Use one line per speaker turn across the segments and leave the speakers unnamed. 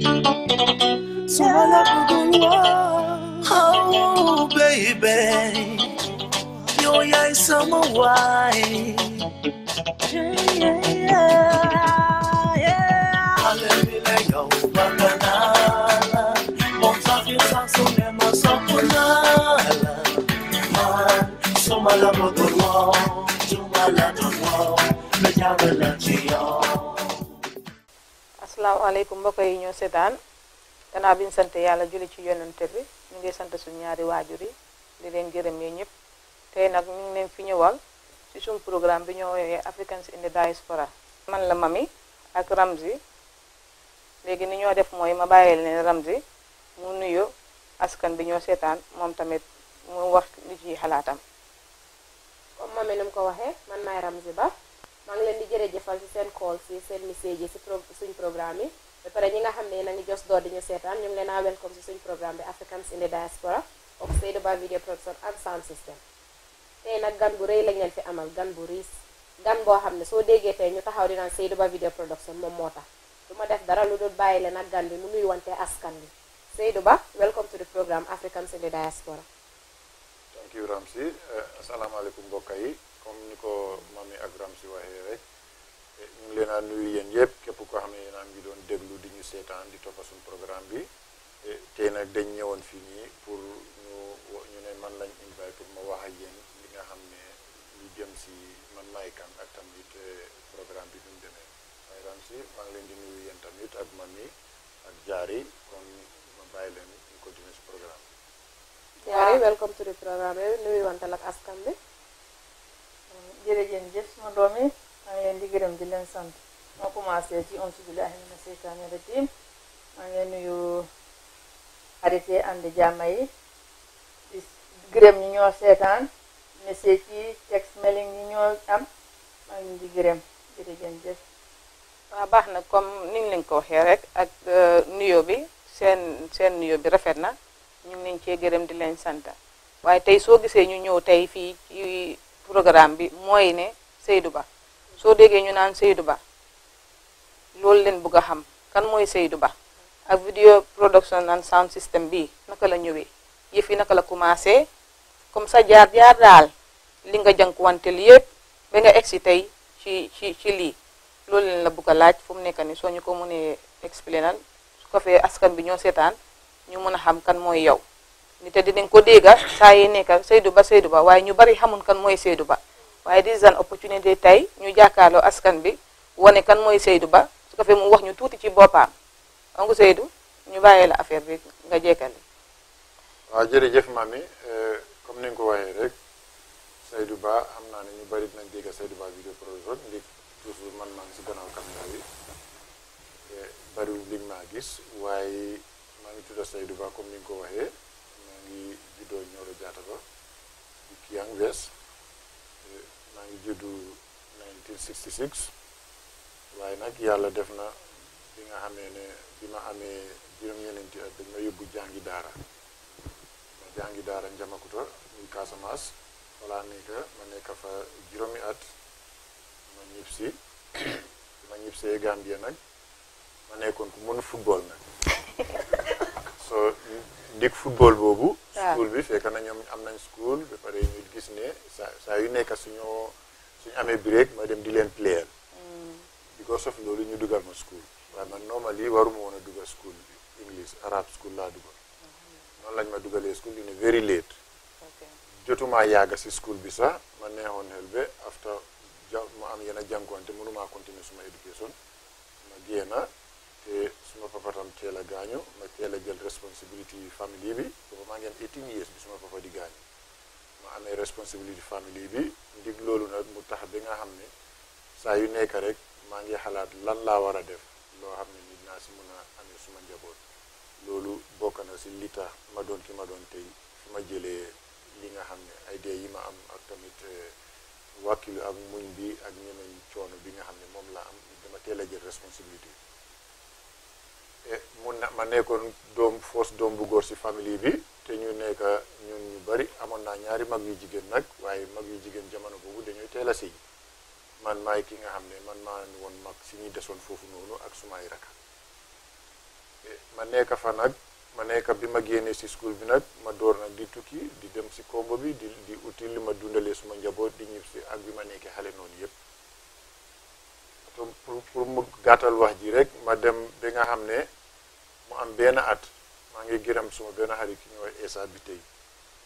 Swallow Oh, baby. Yo, yeah, summer wine. Yeah, yeah, yeah. Hallelujah, yo, bacanala. Montagne, sanso, nemo, sopunala. Man, sumala, motorwa. Jumala, jumwa. Mejamela, jiyo.
asalaamaaleykum mbokk yi ñoo seetaan gannaaw bi ñu sant yàlla julli ci yonante bi ñu ngi sant suñu ñaari waajur yi di leen gërëm yéen ñëpp tey nag ñu ngi leen fi ñëwal ci suñu programme bi ñoo woowee Africans in the Diaspora man la Mami ak Ramzy léegi ni ñoo def mooy ma bàyyi leen Ramzy mu nuyu askan bi ñoo seetaan moom tamit mu wax li ci xalaatam
comme Mami ni ko waxee man maay Ramzy Ba maa leen di jërëjëfal si seen call si seen message yi si suñ programme yi ba pare ñi nga xam ne na ngi jos door di ñu seetaan ñu leen a welcome si suñ programme bi Africans in the Diaspora of Saidou Ba video production and sound system
tey nag gan bu rëy lañ
leen fi amal gan bu riis gan boo xam ne soo déggee tey ñu taxaw di naan Saidou Ba video production moom moo tax du ma def dara lu dul bàyyi leen ak gan bi mu nuy wante askan bi Saidou Ba welcome to the programme Africans in the Diaspora
thank you Ramsi eh, asalaamaaleykum mbokk yi comme ni ko mami agram si waxee rek eh, ñu ngi leen nuyu yeen yépp képp ko xamé ne yéen a ngi doon déglu di ñu sétan di topa sun programme bi eh, té nak dañ ñëwoon fi ni pour ñu ñu né man lañ invite pour ma wax ak yeen li nga xamné li jëm ci man may kan ak tamit eh, programme bi ñu mu ay ram si ma ngi leen di nuyu yéen tamit ak mami ak jaari kon ma bay leen ñu continuer ce programme
bi
welcome to the program. nuyu wantalak askan bi jërëjëf sama doom yi maa ngi leen di gërëm di leen sant moo commencé ci auzu billaahi mina seytaani rajiim maa ngi leen nuyu arrêté ànd jàmma yi di gërëm ñi ñoo seetaan message yi text mailing ñi ñoo am maa ngi leen di gërëm jërëjëf.
waa baax na comme niñ lañ ko waxee rek ak euh, nuyo bi seen seen nuyo bi rafet na ñu ngi leen cee gërëm di leen santa waaye tey soo gisee ñu ñëw tey fii programme bi moy ne Seydou Ba so déggee ñu naan Seydou Ba lool leen bëgg a xam kan moy Seydou Ba ak video production and sound system bi naka la ñëwé yëf yi naka la commencé comme ça jaar jaar dal li nga li yépp ba nga egsi ci ci ci li lool leen la bëgg laaj fu mu nekk ni ko mëne expliquer su ko askan bi ñoo sétane ñu mëna xam kan moy yow ni te dinañ ko dégga saa yi nekk kan, Seydou Ba Seydou Ba waaye ñu bari xamul kan mooy Seydou Ba waaye di zan opportunité opportunity tey ñu jàkkaarloo askan bi wane kan mooy Seydou Ba su ko fee mu wax ñu tuuti ci boppam donc Seydou ñu bàyyee la affaire bi nga jekkale
waaw jërëjëf mami comme eh, ni nga rek Seydou Ba naa ñu bari dinañ Seydou Ba video projet ndi toujours man maa ngi si gannaaw caméra eh, bi bariwul liñ maa gis waaye maa ngi tudda Seydou Ba comme ni nga ngi juddoo Nioro Diatta ba kii yaa ngi wees maa ngi juddu 1966 waaye nag yàlla def na bi nga xame ne bi ma amee juróom-ñeneenti at dañ ma yóbbu jàngi daara ma jàngi daara Njamakuta muy Casamance walla nekk ma nekka fa juróomi at ma ñib ma ñib see Gambie nag ma nekkoon ku mën football nag so dig football boobu ah. school bi fekk na ñoom am nañ school ba pare ñu gis ne saa saa yu nekk suñoo suñu amee break ma dem di leen player mm. because of loolu ñu dugal ma school waaye man normally waruma woon a dugal school bi English Arab school laa dugal mm-hmm. noonu lañ ma dugalee school yu ne very late
jotumaa yàgg si school bi sax
ma neexoon xel ba after ja ma am yenn jànkuwante mënumaa continuer suma éducation ma génn te suma papa tam teel a gaañu ma teel a jël responsabilité famille bi booba maa ngeen am 18 years bi suma papa di gaañu ma amee responsabilité famille bi ndig loolu nag mu tax bi nga xam ne saa yu nekk rek maa ngi xalaat lan laa war a def loo xam ne nit naa si mën a amee suma njaboot loolu bokk na si li tax ma doon ki ma doon tey fi ma jëlee li nga xam ne ay idée yi ma am ak tamit eh, wàkkilu ak muñ bi ak ñemeñ coono bi nga xam ne moom laa am dama teel a jël responsabilité mun na ma nekkoon doom foos doom bu góor si famille bi te ñu nekk ñu ñu bari amoon naa ñaari mag yu jigéen nag waaye mag yu jigéen jamono boobu dañuy teel a sëy man maay ki nga xam ne man maa woon mag si ñu desoon foofu noonu ak sumaay rakk eh, ma nekk fa nag
ma nekk bi ma génnee si school bi nag ma door nag
di tukki di dem si Kombo bi di di uti li ma dundalee suma njaboot di ñib si ak bi ma nekkee xale noonu yépp pour pour mu gàttal wax ji rek ma dem bi nga xam ne mo am bena at mange giram somo bena haari kiñoo wa esa bitey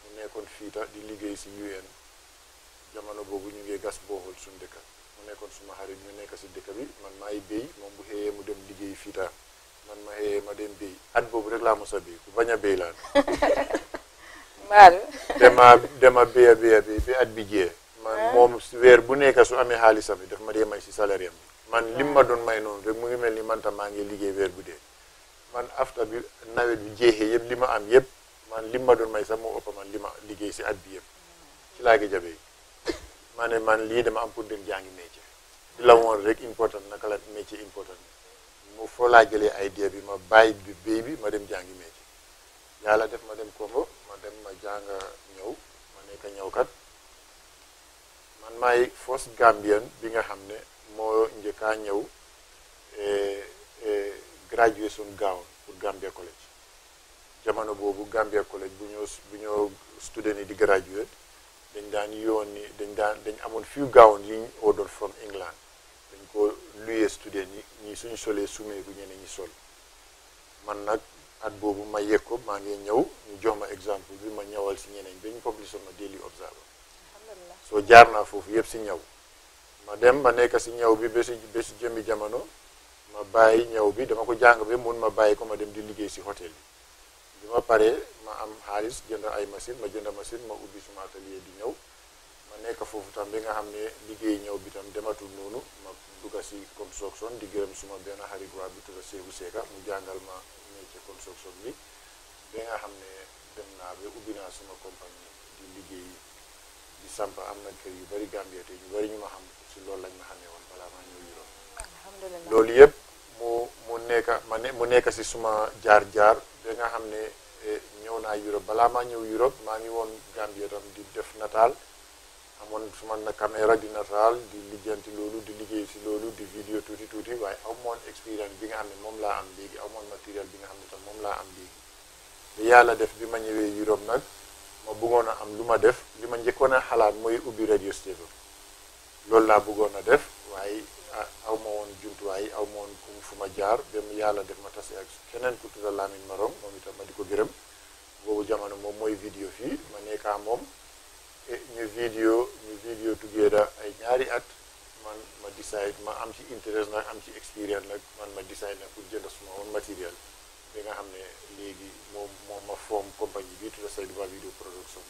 mo nekon fiita ɗi liggey si un jamano boogu ñu ngee gas boohol sun deka mo nekon suma haari ñu nekka si dëkka bi man maayi béy moom bu heeyee mu dem liggéey fiita man ma heeye ma dem béy at boobu rek laa mosa béy ku bañ a béy laan mal dema dema béya béya béy ba at bi jee man ah. moom weer bu nekka su amee xaalisam bi daf ma dee may si salaire am bi man lim ma doon may noonu rek mu ngi mel ni manta maa ngi liggéey weer bu dee man afta bi nawet bi jeexee yëpp li ma am yëpp man li ma doon may sax moo ëpp man li ma liggéey si at bi yëpp ci laa ko jabee maa ne man lii dama am pour dem jàngi métier di la woon rek important naka la métier important mu foo laa jëlee idée bi ma bàyyi bi béy bi ma dem jàngi métier yàlla def ma dem Congo ma dem ma jànga ñëw ma nekk ñëwkat man maay first Gambian bi nga xam ne moo njëkkaa ñëw eh, eh, gradué suñu gaawoon pour Gambia College jamono boobu Gambia College bu ñoo bu ñoo student yi di graduate dañ daan yoon ni dañ daan dañ amoon few gaawoon yi ñu order from England dañ ko luyee student yi ñi suñu solee sumee bu ñeneen ñi sol man nag at boobu ma yegg ko maa ngi ñëw ñu jox ma exemple bi ma ñëwal si ñeneen dañu publish ma Daily Observer soo jaar naa foofu yëpp si ñëw ma dem ma nekk si ñaw bi ba ba si jëmmi jamono ma bàyyi ñëw bi dama ko jàng ba mun ma bàyyi ko ma dem di liggéey si hôtel yi bi ma paree ma am xaalis jënd ay machine ma jënd machine ma ubbi suma atelier di ñëw ma nekk foofu tam bi nga xam ne liggéey ñëw bi tam dematul noonu ma dugga si construction di gërëm suma benn xarit waa bi tudda Seydou Seka mu jàngal ma métier construction bi bi nga xam ne dem naa ba ubbi naa suma compagnie di liggéey di samp am na kër yu bari Gambie te ñu bari ñu ma xam si loolu lañ ma xamee woon balaa loolu yëpp mu mu nekka ma ne mu nekk si suma jaar-jaar danga nga xam ne eh, ñëw naa Europe balaa maa ñëw Europe maa ngi woon Gambie tam di def nataal amoon suma na caméra di nataal di lijjanti loolu di liggéey si loolu di vidéo tuuti tuuti waaye aw moon expérience bi nga xam ne moom laa am léegi aw moon matériel bi nga xam ne tam moom laa am léegi ba yàlla def bi ma ñëwee Europe nag ma bëggoon a am lu ma def li ma njëkkoon a xalaat mooy ubbi radio station loolu laa bëggoon a def waaye aw ma woon jumtuwaay aw ma woon fu ma jaar dem yàlla def ma tase ak keneen ku tudda Lamine Marom moom itam ma di ko gërëm boobu jamono moom mooy video fii ma nekkaa moom ñu video ñu video tuggee da ay ñaari at man ma decide ma am ci intérêt nag am ci experience nag man ma decide nag pour jënd suma woon matériel bi nga xam ne léegi moom moom ma form compagnie bi tudda Saidaba Video Production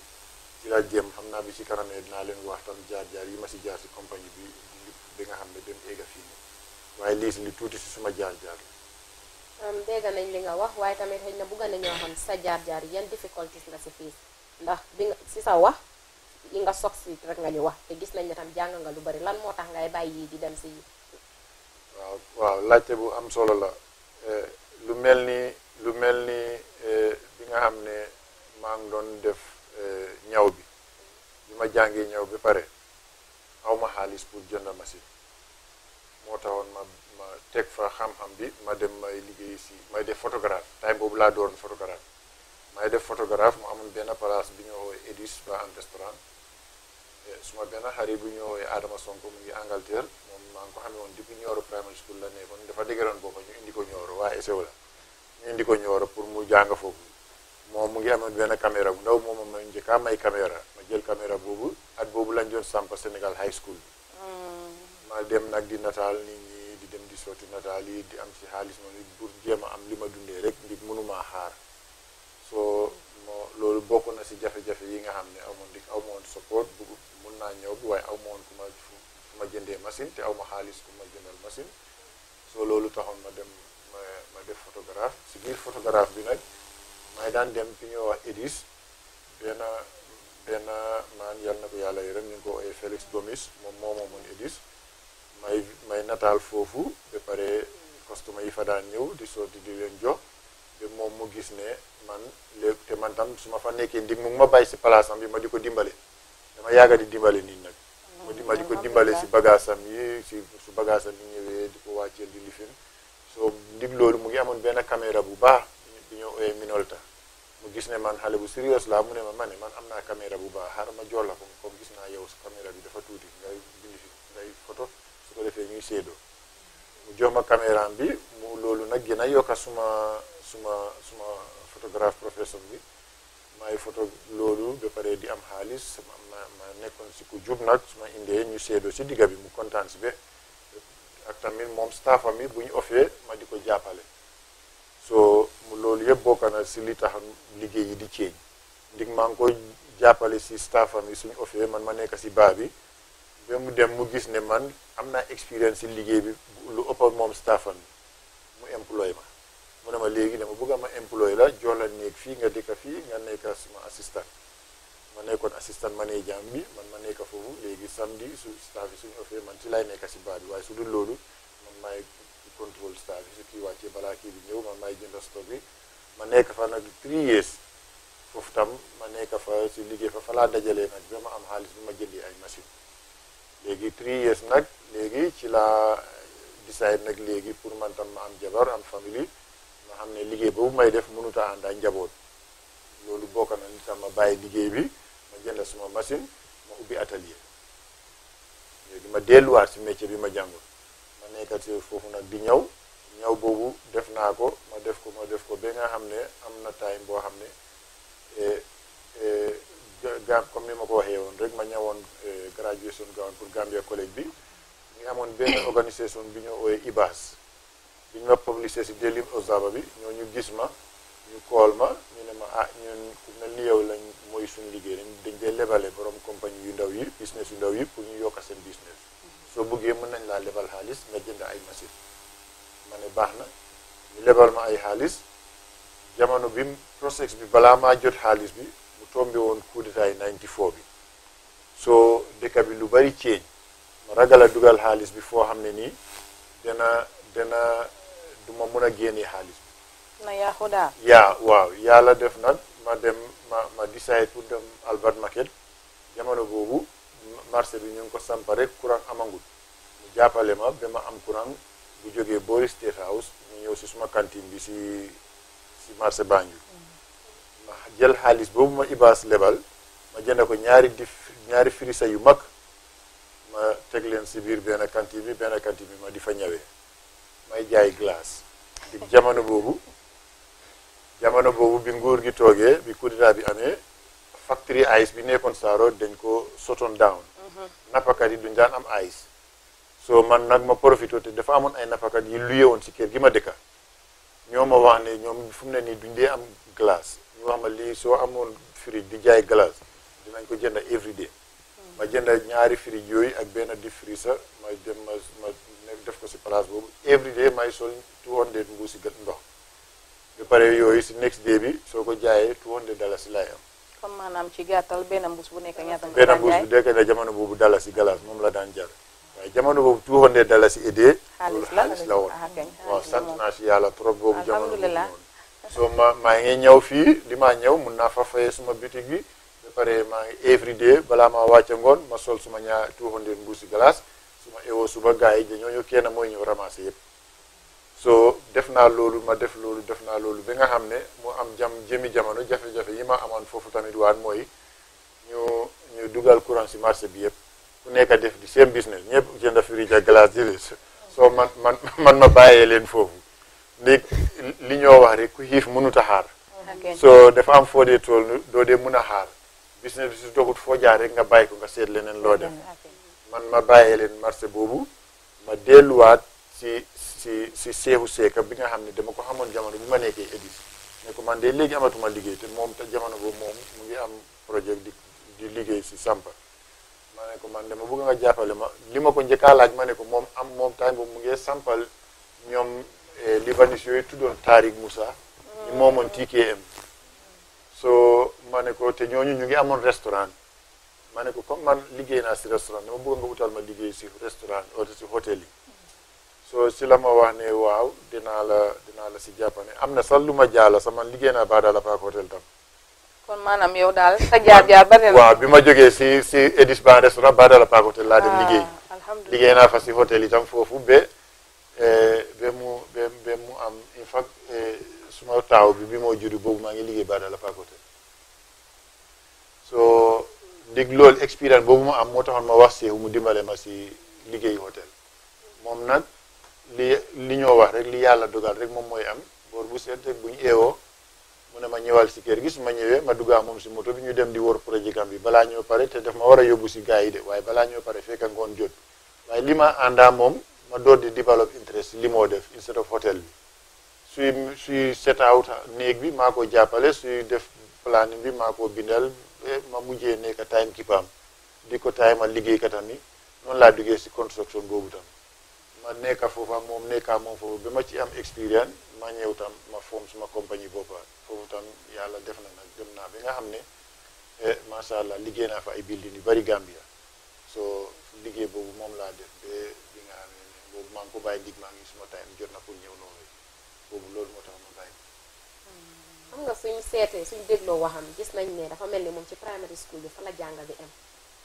ci laa jéem xam naa bi ci kanamee dinaa leen wax jaar jaar yi ma si jaar si compagnie bi bi nga xamne dem ega fi fii nii waaye lii li tuuti suma jaar jaar dega
nañ li nga wax waye tamit xëy na bugg ñoo xam sa jaar jaar yeen difficulties nga ci fi ndax bi nga ci sa wax li nga sox ci rek nga ñu wax te gis nañ ne tam jang nga lu bari lan motax ngay bayyi di dem ci
waaw waaw laajte bu am solo la eh, lu melni lu melni euh bi nga xamne ma ngi doon def eh, ñaw bi bima jangé ñaw bi pare aw mahalis xaalis pour jënd machine moo taxoon ma ma teg fa xam-xam bi ma dem may liggéey si may def photographe time boobu laa doon photographe may def photographe mu amoon benn place bi ñu woowee Edis bar and restaurant eh, suma benn xari bu ñu woowee Adama Sonko mu ngi Angleterre moom maa ngi ko xamee woon depuis ñoro primary school la nekkoon dafa dëgëroon booba ñu indi ko ñoro waa essé la ñu indi ko ñoro pour mu jàng foofu moom mu ngi amoon benn caméra bu ndaw moom njëkkaa may caméra jël caméra bobu at bobu lañ doon sampa Sénégal high school mm. ma dem nak di natal ni ñi di dem di soti natal yi di am ci xaalis ma nit bur jéem am lima ma rek ndig mënuma xaar so mo loolu bokku na ci jafe-jafe yi nga xamné amon dik amon support bu mun na ñëw bu way aw kuma ma jëndé machine te aw ma kuma ku jëndal machine so loolu taxon ma dem ma ma def photographe ci bir photographe bi nak may daan dem fi ñu wax edis dena benn maan yal na ko yàlla yërëm ñu ngi ko ooyee Félix Gomis moom moo moomoon Edis may may nataal foofu ba pare costume yi fa daan ñëw di sotti di leen jox te moom mu gis ne man léegi te man tam su ma fa nekkee ndim mu ma bàyyi si palaasam bi ma di ko dimbale dama yàgga di dimbale nit nag mm, ma di ko dimbale si bagaasam yi si su bagaasam yi ñëwee di ko wàcceel di lifin soo ndig loolu mu ngi amoon benn caméra bu baax bi ñoo Minolta mu gis ne man xale bu sérieux la mu ne ma ma man am naa caméra bu baax xaaral ma jox la ko comme gis naa yow sa caméra bi dafa tuuti ngay bind ngay photo su ko defee ñuy séedoo mu jox ma caméra bi mu loolu nag gën a yokka suma suma suma photographe professeur bi maay ba pare di am xaalis ma ma nekkoon si ku jub nag su ma indee ñu séedoo si digga bi mu kontaan si be ak tamit moom staffam yi bu ñu ofee ma di ko jàppale so mu loolu yëpp bokk na si li tax liggéey yi di ceeñ ndig maa koy jàppale si staffam yi suñu office man ma nekk si baa bi ba mu dem mu gis ne man am naa expérience si liggéey bi lu ëpp moom staffam bi mu employé ma mu ne ma léegi dama bëgg ma employé la jox la néeg fii nga dëkk fii nga nekk suma assistant ma nekkoon assistant manager bi man ma nekk foofu léegi samedi su staff yi suñu office man si lay nekk si baa bi waaye su dul loolu man control staff yi su kii wàccee balaa kii bi ñëw man maay jënd stock ma nekk fa nag 3 years foofu tam ma nekk fa si liggéey fa fa laa dajalee nag ba ma am xaalis bi ma jëndee ay machine léegi 3 years nag léegi ci laa decide nag léegi pour man tam ma am jabar am famille ma xam ne liggéey boobu may def mënut a ànd a njaboot loolu bokk na li tax ma bàyyi liggéey bi ma jënd suma machine ma ubbi atelier léegi ma delluwaat si métier bi ma jàngoon nekkatee foofu nag di ñëw ñëw boobu def naa ko ma def ko ma def ko ba nga xam ne am na time boo xam ne e, e, ga comme ni ma ko waxee woon rek ma ñëwoon e, graduation gown pour Gambia collège bi ñu amoon benn organisation bi ñu ooyee IBAS bi ñu ma publicité si Daily Observer bi ñoo ñu gis ma ñu kool ma ñu ne ma ah ñun ku mel ni yow lañ mooy suñu liggéey dañ dañ dee lebale borom compagnie yu ndaw yi business yu ndaw yi pour ñu yokk seen business soo bëggee mën nañ laa lebal xaalis nga jënd ay machine ma ne baax na ñu lebal ma ay xaalis jamono bi process bi balaa maa jot xaalis bi mu tombé woon coup d'état yi 94 bi soo dëkk bi lu bari ceeñ ma ragal a dugal xaalis bi foo xam ne nii dana dana duma ma mun a génne xaalis bi. na yaa waaw yàlla def nag ma dem ma ma decide pour dem Albert Market jamono boobu. marché bi ñu ko samp rek courant amangul mu jappalé ma am courant bu joggé boris state house ñu ñëw ci suma cantine bi si ci marché bañu ma jël halis, bobu ma ibas lebal ma jëndé ko ñaari di ñaari firisa yu mak ma teg leen ci biir benn cantine bi benn cantine bi ma di fa may jaay glace di jamono bobu jamono bobu bi nguur gi toogee bi coup d'état bi amé factory ice bi nekkoon saaro dañ ko sotoon down mhm. nappakat yi duñ daan am ice so man nag ma profité te dafa amoon ay nappakat yi luye woon si kër gi ma dëkka
ñoo ma wax ne
ñoom fu mu ne nii duñ dee am glace ñu wax ma lii soo amoon fridge di jaay glace dinañ ko jënd every day mhm. ma jënd ñaari fridge yooyu ak benn di freezer ma dem ma ma def ko si place boobu every day may sol 200 mbuusi ndox ba pare yooyu si next day bi soo ko jaayee 200 dollars si laay
kon maanaam ci gàttal benn mbuus bu nekk ñaata nga daan jaay benn
mbuus bu jamono boobu si galas moom la daan jar waaye jamono boobu tuuxandee dalasi aidé xaalis la xaalis la woon ah, waaw ah, sant naa si boobu jamono boobu ma maa ngi ñëw fii li maa ñëw mun naa fa fayee suma bitig bi ba pare maa ngi every day balaa maa wàcce ngoon ma sol suma ñaar tuuxandee mbuusi galas suma ewoo suba gars yi dañoo ñëw kenn mooy ñëw ramassé yëpp so def naa loolu ma def loolu def naa loolu bi nga xam ne mu am jam jëmi jamono jafe-jafe yi ma amoon foofu tamit waan mooy ñu ñu dugal courant si marché bi yëpp ku nekk def di seen business ñëpp jënd frige ak glace di soo man man man ma bàyyee leen foofu léegi li ñoo wax rek ku xiif mënut a xaar so dafa am foo dee tool doo dee mun a xaar business bi su doxut foo jaar rek nga bàyyi ko nga seet leneen loo def man ma bàyyee leen marché boobu ma delluwaat si si si seexu seeka bi nga xam ne dama ko xamoon jamono bi ma nekkee église ne ko mande de léegi amatuma liggéey te moom te jamono boobu moom mu ngi am projet di di liggéey si sampa ma ne ko man dama bëgg nga jàppale ma li ma ko njëkkaa laaj ma ne ko moom am moom time boobu mu ngi sampal ñoom eh, libanais yooyu tuddoon Tariq Moussa ñu mm. moomoon TKM so ma ne ko te ñooñu ñu ngi amoon restaurant ma ne ko comme man liggéey naa si restaurant dama bëgg nga utal ma liggéey si restaurant wala si soo si la ma wax ne waaw dinaa la dinaa la si jàppane am na sax lu ma jaala sax man liggéey naa Baadala Park Hotel tam.
kon maanaam yow daal sa jaar jaar la.
waaw bi ma jogee si si Edis Bar restaurant Baadala Park Hotel laa dem ah, liggéey. alhamdulilah liggéey naa fa si hôtel itam foofu ba eh, ba mu mu am in fact eh, suma taaw bi bi moo juddu boobu maa ngi liggéey Baadala Park Hotel so dig loolu expérience boobu mu am moo taxoon ma wax si mu dimbale ma si liggéey hôtel li li ñoo wax rek li yàlla dogal rek moom mooy am boor bu seet rek bu ñu eewoo mu ne ma ñëwal si kër gi ma ñëwee ma duggaa moom si moto bi ñu dem di wër projet Gambie balaa ñoo pare te daf ma war a yóbbu si gars yi de waaye balaa ñoo pare fekk ngoon jot waaye li ma àndaa moom ma door di develop interest li moo def instead of hotel bi suy suy set out néeg bi maa ko jàppale suy def planning bi maa ko bindal eh, ma mujjee nekk time kipaam di ko time a liggéeykatam yi noonu laa duggee si construction boobu tam ma nekka foofa moom nekka moom foofu bi ma ci am expérience ma ñëw tam ma foom suma compagnie boppa foofu tam yàlla def na nag dem naa bi nga xam ne eh, macha allah liggéey naa fa ay building yu bari Gambia so liggéey boobu moom laa def ba bi nga xam ne ngi maa ngi suma time jot na pour ñëw noonu boobu loolu moo tax ma xam
nga suñ seetee suñ dégloo waxam gis nañ ne dafa mel ni moom ci primary school bi fa la jànga bi am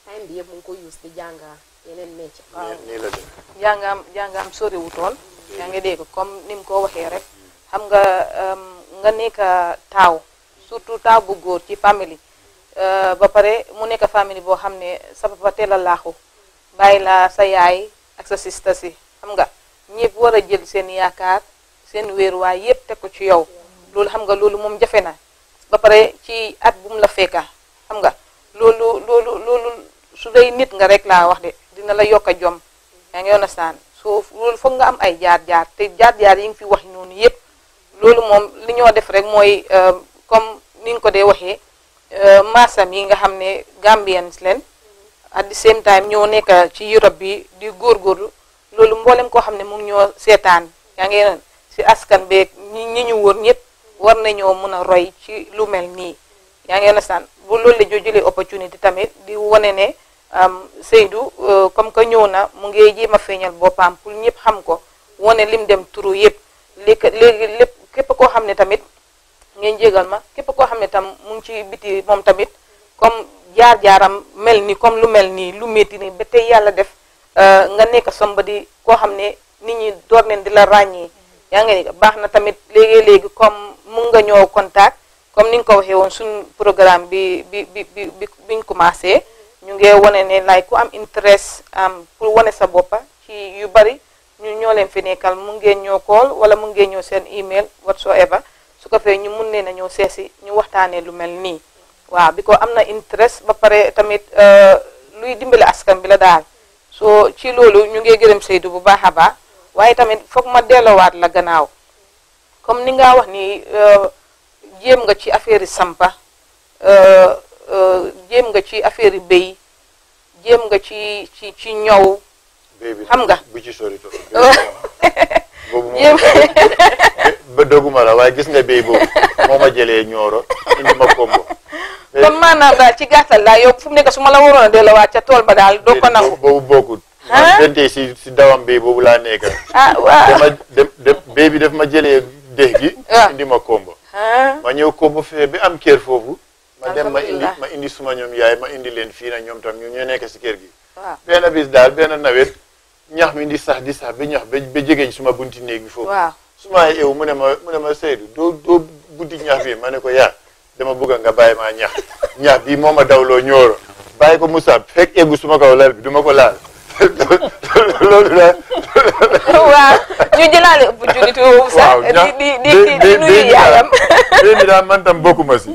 time bi yëpp mu ko use di jànga yeneen métier waaw
jàngaam jàngaam soriwutoon mm. yaa ngi dégg comme ni mu ko waxee rek xam nga um, nga nekk taaw surtout taaw bu góor ci famille euh, ba pare mu nekk famille boo xam ne sa papa teel a laaxu bàyyi la sa yaay ak sa sista si xam nga ñëpp war a jël seen yaakaar seen weeruwaay yépp teg ko ci yow loolu xam nga loolu moom jafe na ba pare ci at bu la fekka xam nga loolu loolu su dee nit nga rek laa wax de dina la yokk a jom yaa ngi saan so loolu foog nga am ay jaar-jaar te jaar-jaar yi nga fi wax noonu yépp loolu moom li ñoo def rek mooy euh, comme ni nga ko dee waxee euh, maasam yi nga xam ne Gambians leen at the same time ñoo nekk ci Europe bi di góor góorgóorlu loolu mboolem koo xam ne mu ngi ñoo seetaan yaa ngi si askan beeg ñi ñi ñu wër ñëpp war nañoo mën a roy ci lu mel nii yaa ngi understand bu loolu la joo jëlee opportunité tamit di wane ne. Seydou euh, comme que ñëw na mu ngi jéem a feeñal boppam pour ñëpp xam ko wane lim dem turu yëpp léegi lépp képp koo xam ne tamit ngeen jégal ma képp koo xam ne tam mu ngi ci biti moom tamit comme jaar-jaaram mel ni comme lu mel nii lu métti nii ba tey yàlla def euh, nga nekk di koo xam ne nit ñi door neen di la ràññee yaa ngi ne baax na tamit léegi-léegi comme mun nga ñëw contact comme ni nga ko waxee woon suñ programme bi bi bi bi biñ commencé. ñu ngee wane ne like ku am interest am pour wane sa boppa ci yu bari ñu ñoo leen fi nekkal mu ngeen ñoo call wala mu ngeen ñoo seen email whatsoever su ko fee ñu mun leen a ñëw seesi ñu waxtaanee lu mel nii waaw bi ko am na interest ba pare tamit uh, luy dimbali askan bi la daal soo ci loolu ñu ngee gërëm Seydou bu baax a baax waaye tamit foog ma delloowaat la gannaaw comme ni nga wax ni uh, jéem nga ci affaire yi sampa uh, jéem nga ci affaire yi béy jéem nga ci ci ci ñëw. xam nga bu ci sori trop. boobu
doguma la waaye gis nga béy boobu moo ma jëlee ñooro indi ma kombo.
kon maanaam daal ci gàttal daal yow fu mu nekk su ma la waroon a waa ca tool ba daal
doo ko nangu. boobu bokkut. ah man si dawam béy boobu laa nekk. ah waaw dama dem béy bi daf ma jëlee dex gi. Ah. indi ma kombo. ma ñëw kombo fee bi am kër foofu.
ma dem ma indi
ma indi suma ñoom yaay ma indi leen fii nag ñoom tam ñu ñoo nekk si kër gi waaw benn bis daal ben nawet ñax mi di sax di sax ba ñax ba ba suma bunti néeg bi foofu waaw su ma ew mu ne ma mu ma Seydou doo doo ñax bi ma ne ko yaa dama bëgg nga bàyyi maa ñax ñax bi moo ma dawloo ñooro bàyyi ko Moussa fekk eggu suma kaw lal bi du ma ko laal loolu daal waaw
ñu jëlaale ëpp
julitu waaw di di di nuyu yaayam daal man tam bokkuma si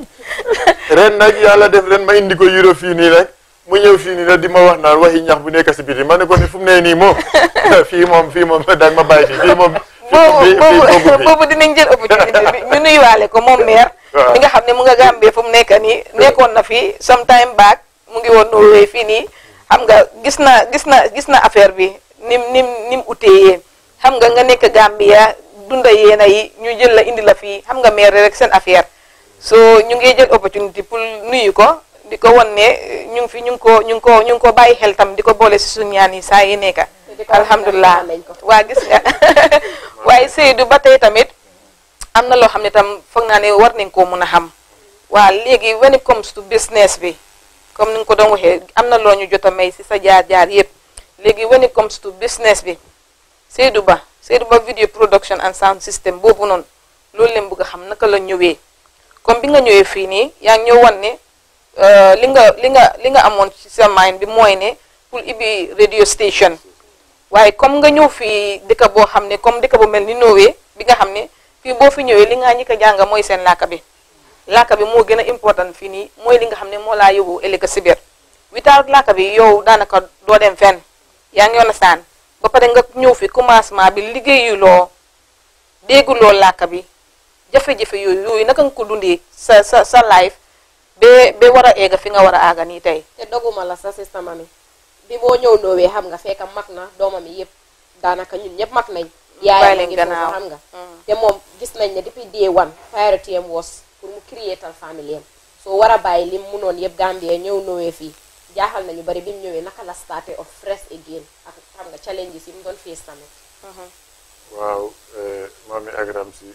ren nag yàlla def ren ma indi ko Europe fii nii rek mu ñëw fii nii rek di ma wax naan waxi ñax bu nekk si biti ma ne ko ni fu mu ne nii moom fii moom fii moom daal ma bàyyi fii moom. fii boobu boobu dinañ jël opportunité bi ñu
nuyuwaale ko moom meer. mi nga xam ne mu nga Gambie fu mu nekk nii nekkoon na fii fi sometime back mu ngi woon Norway fii nii xam nga gis naa gis na gis na affaire bi nim nim nim utee xam nga nga nekk Gambia dunda yeena yi ñu jël la indi la fii xam nga meer seen affaire. so ñu ngee jël opportunité pour nuyu ko di ko wan ne eh, ñu ngi fi ñu ngi ko ñu ngi ko ñu ngi ko bàyyi xel tam di ko boole si suñu ñaan yi saa yi nekka alhamdulilah waa gis waaye Seydou ba tey tamit am na loo xam ne tam foog naa ne war nañ koo mun a xam waa léegi when it comes to business bi comme ni nga ko doon waxee am na loo ñu jot a may si sa jaar jaar yëpp léegi when it comes to business bi Seydou Ba Seydou Ba video production and sound system boobu noon loolu leen bëgg xam naka la ñëwee comme bi nga ñëwee fii nii yaa ngi ñëw wan ne euh, li nga li nga li nga amoon ci sa mind bi mooy ne pour ibi radio station waaye comme nga ñëw fii dëkk boo xam ne comme dëkk bu mel ni Norway bi nga xam ne fii boo fi ñëwee li nga ñi ko jànga mooy seen laaka bi laaka bi moo gën a important fii nii mooy li nga xam ne moo laa yóbbu ëllëg si biir without laaka bi yow daanaka doo dem fen yaa ngi yoon saan ba pare nga ñëw fi commencement bi liggéeyu loo déggu laaka bi jafe-jafe yooyu yooyu naka nga ko dundee sa sa sa life ba ba war a eega fi nga war a aaga nii tey.
te doguma la sa sista mami bi moo ñëw noowee xam nga fekk mag na doomam yëpp daanaka ñun ñëpp mag nañ. Mm. yaayam ngi foofu xam nga. Mm. te moom gis nañ ne depuis day one priority am was pour mu soo war a bàyyi lim mu noonu yëpp Gambie ñëw noowee fii jaaxal nañu bari bi mu ñëwee naka la starte of fresh again ak xam nga challenges yi mu doon face tamit. Mm-hmm.
waaw eh, maami agram si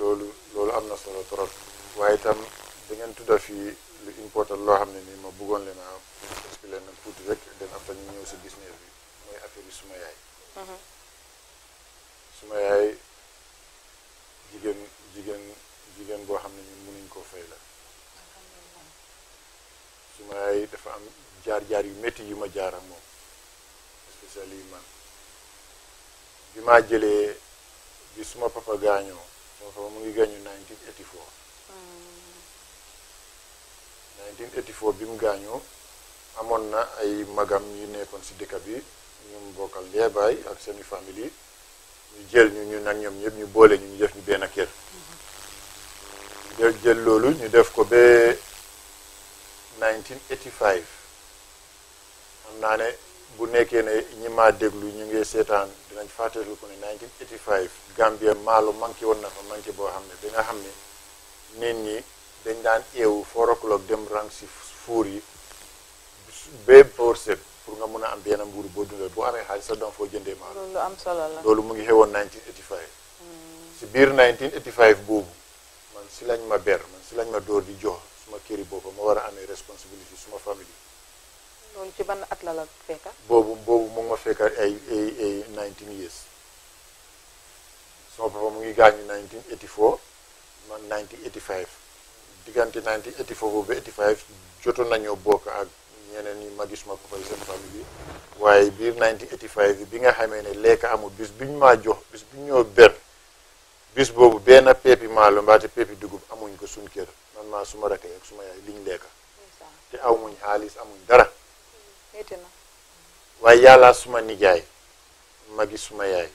loolu loolu am na solo trop waaye itam dangeen ngeen tudda fii lu important loo xam ne nii ma bëggoon leen a expliquer leen tuuti rek den après ñu ñëw si business bi mooy affaire bi suma yaay mhm. suma yaay jigéen jigéen jigéen boo xam ne nii mënuñ koo fay la suma yaay dafa am jaar-jaar yu metti yu ma jaar moom spécialement man bi maa jëlee bi suma papa gaañoo moom sama mu ngi gaañu 1984. 1984 bi mu gaañoo amoon na ay magam yu nekkoon si dëkk bi ñoom bokkal ndeebaay ak seeni famille ñu jël ñu ñu nag ñoom ñëpp ñu boole ñu ñu def ñu benn kër. jël jël loolu ñu def ko ba 1985 xam naa ne. bu nekkee ne ñi maa déglu ñu ngi seetaan dinañ fàttaliku ne 1985 Gambia maalu manqué woon na fa manqué boo xam ne bi nga xam ne nit ñi dañ daan eewu four o'clock dem rang si fuur yi ba boor set pour nga mun a am benn mbuuru boo dundal boo amee xaalis sa doom foo jëndee maalo loolu
am solo la loolu mu ngi xewoon
1985 si biir 1985 boobu man si lañ ma ber man si lañ ma door di jox suma këri boppam ma war a amee responsabilité suma famille
noonu ci ban at la la
boobu boobu mu ngi ma fekka ay ay ay 19 years sama mu ngi gaañu 1984 man 1985 diggante 1984 boobu ba 85 jotoon nañoo bokk ak ñeneen ñi magi suma papa yi seen famille waaye biir 1985 bi nga xamee ne lekk amul bis bi ñu maa jox bis bi ñoo ber bis boobu benn peepi maalo mbaate peepi dugub amuñ ko suñ kër man maa suma rakk yi ak suma yaay liñ lekka te aw muñ xaalis amuñ dara waaye yàlla suma nijaay magi suma yaay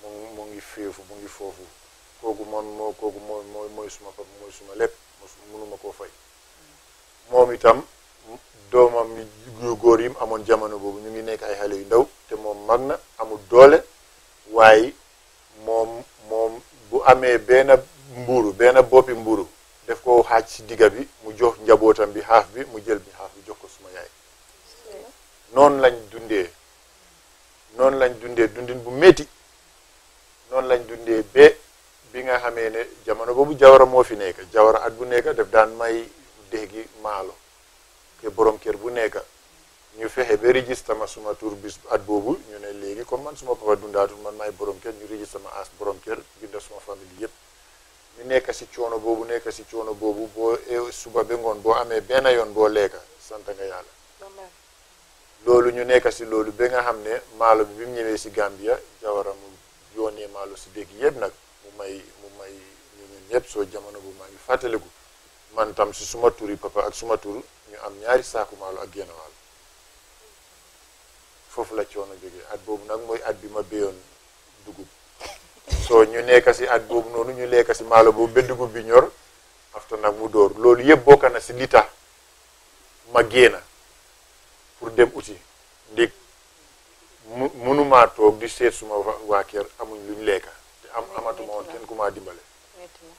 mu mu ngi féefu mu ngi foofu kooku moom moo mooy suma pap koo fay moom itam doomam yu góor yi amoon jamono boobu ñu ngi nekk ay yu ndaw te moom mag na amul doole waaye moom moom bu amee benn mbuuru benn boppi mbuuru def ko xaaj si digga bi mu jox njabootam bi xaaf bi mu jël bi xaaf bi jox ko suma yaay noonu lañ dundee noonu lañ dundee dundin bu métti noonu lañ dundee ba bi nga xamee ne jamono boobu jawara moo fi nekk jawara at bu nekk def daan may dex gi maalo ke borom bu nekk ñu fexe ba registre ma suma tur bis at boobu ñu ne léegi comme man suma papa dundaatul man maay borom kër ñu registre ma as borom kër binda suma famille yëpp ñu nekk si coono boobu nekk si coono boobu boo eh, suba ba ngoon boo amee benn yoon boo lekka sant nga yàlla loolu ñu nekk si loolu ba nga xam ne maalo bi bi mu ñëwee si Gambia jawara mu yónnee maalo si dégg yëpp nag mu may mu may ñu ñun ñëpp soo jamono bu maa ngi fàttaliku man tam si suma turi papa ak suma tur ñu am ñaari saaku maalo ak génn waal foofu la coono jógee at boobu nag mooy at bi ma béyoon dugub so ñu nekk si at boobu noonu ñu lekk si maalo boobu ba dugub bi ñor afta nag mu dóor loolu yëpp bokk na si li tax ma génn pour dem uti ndigg mu mënumaa toog di seet suma waa kër amuñ luñ lekka te am amatuma woon kenn ku maa dimbale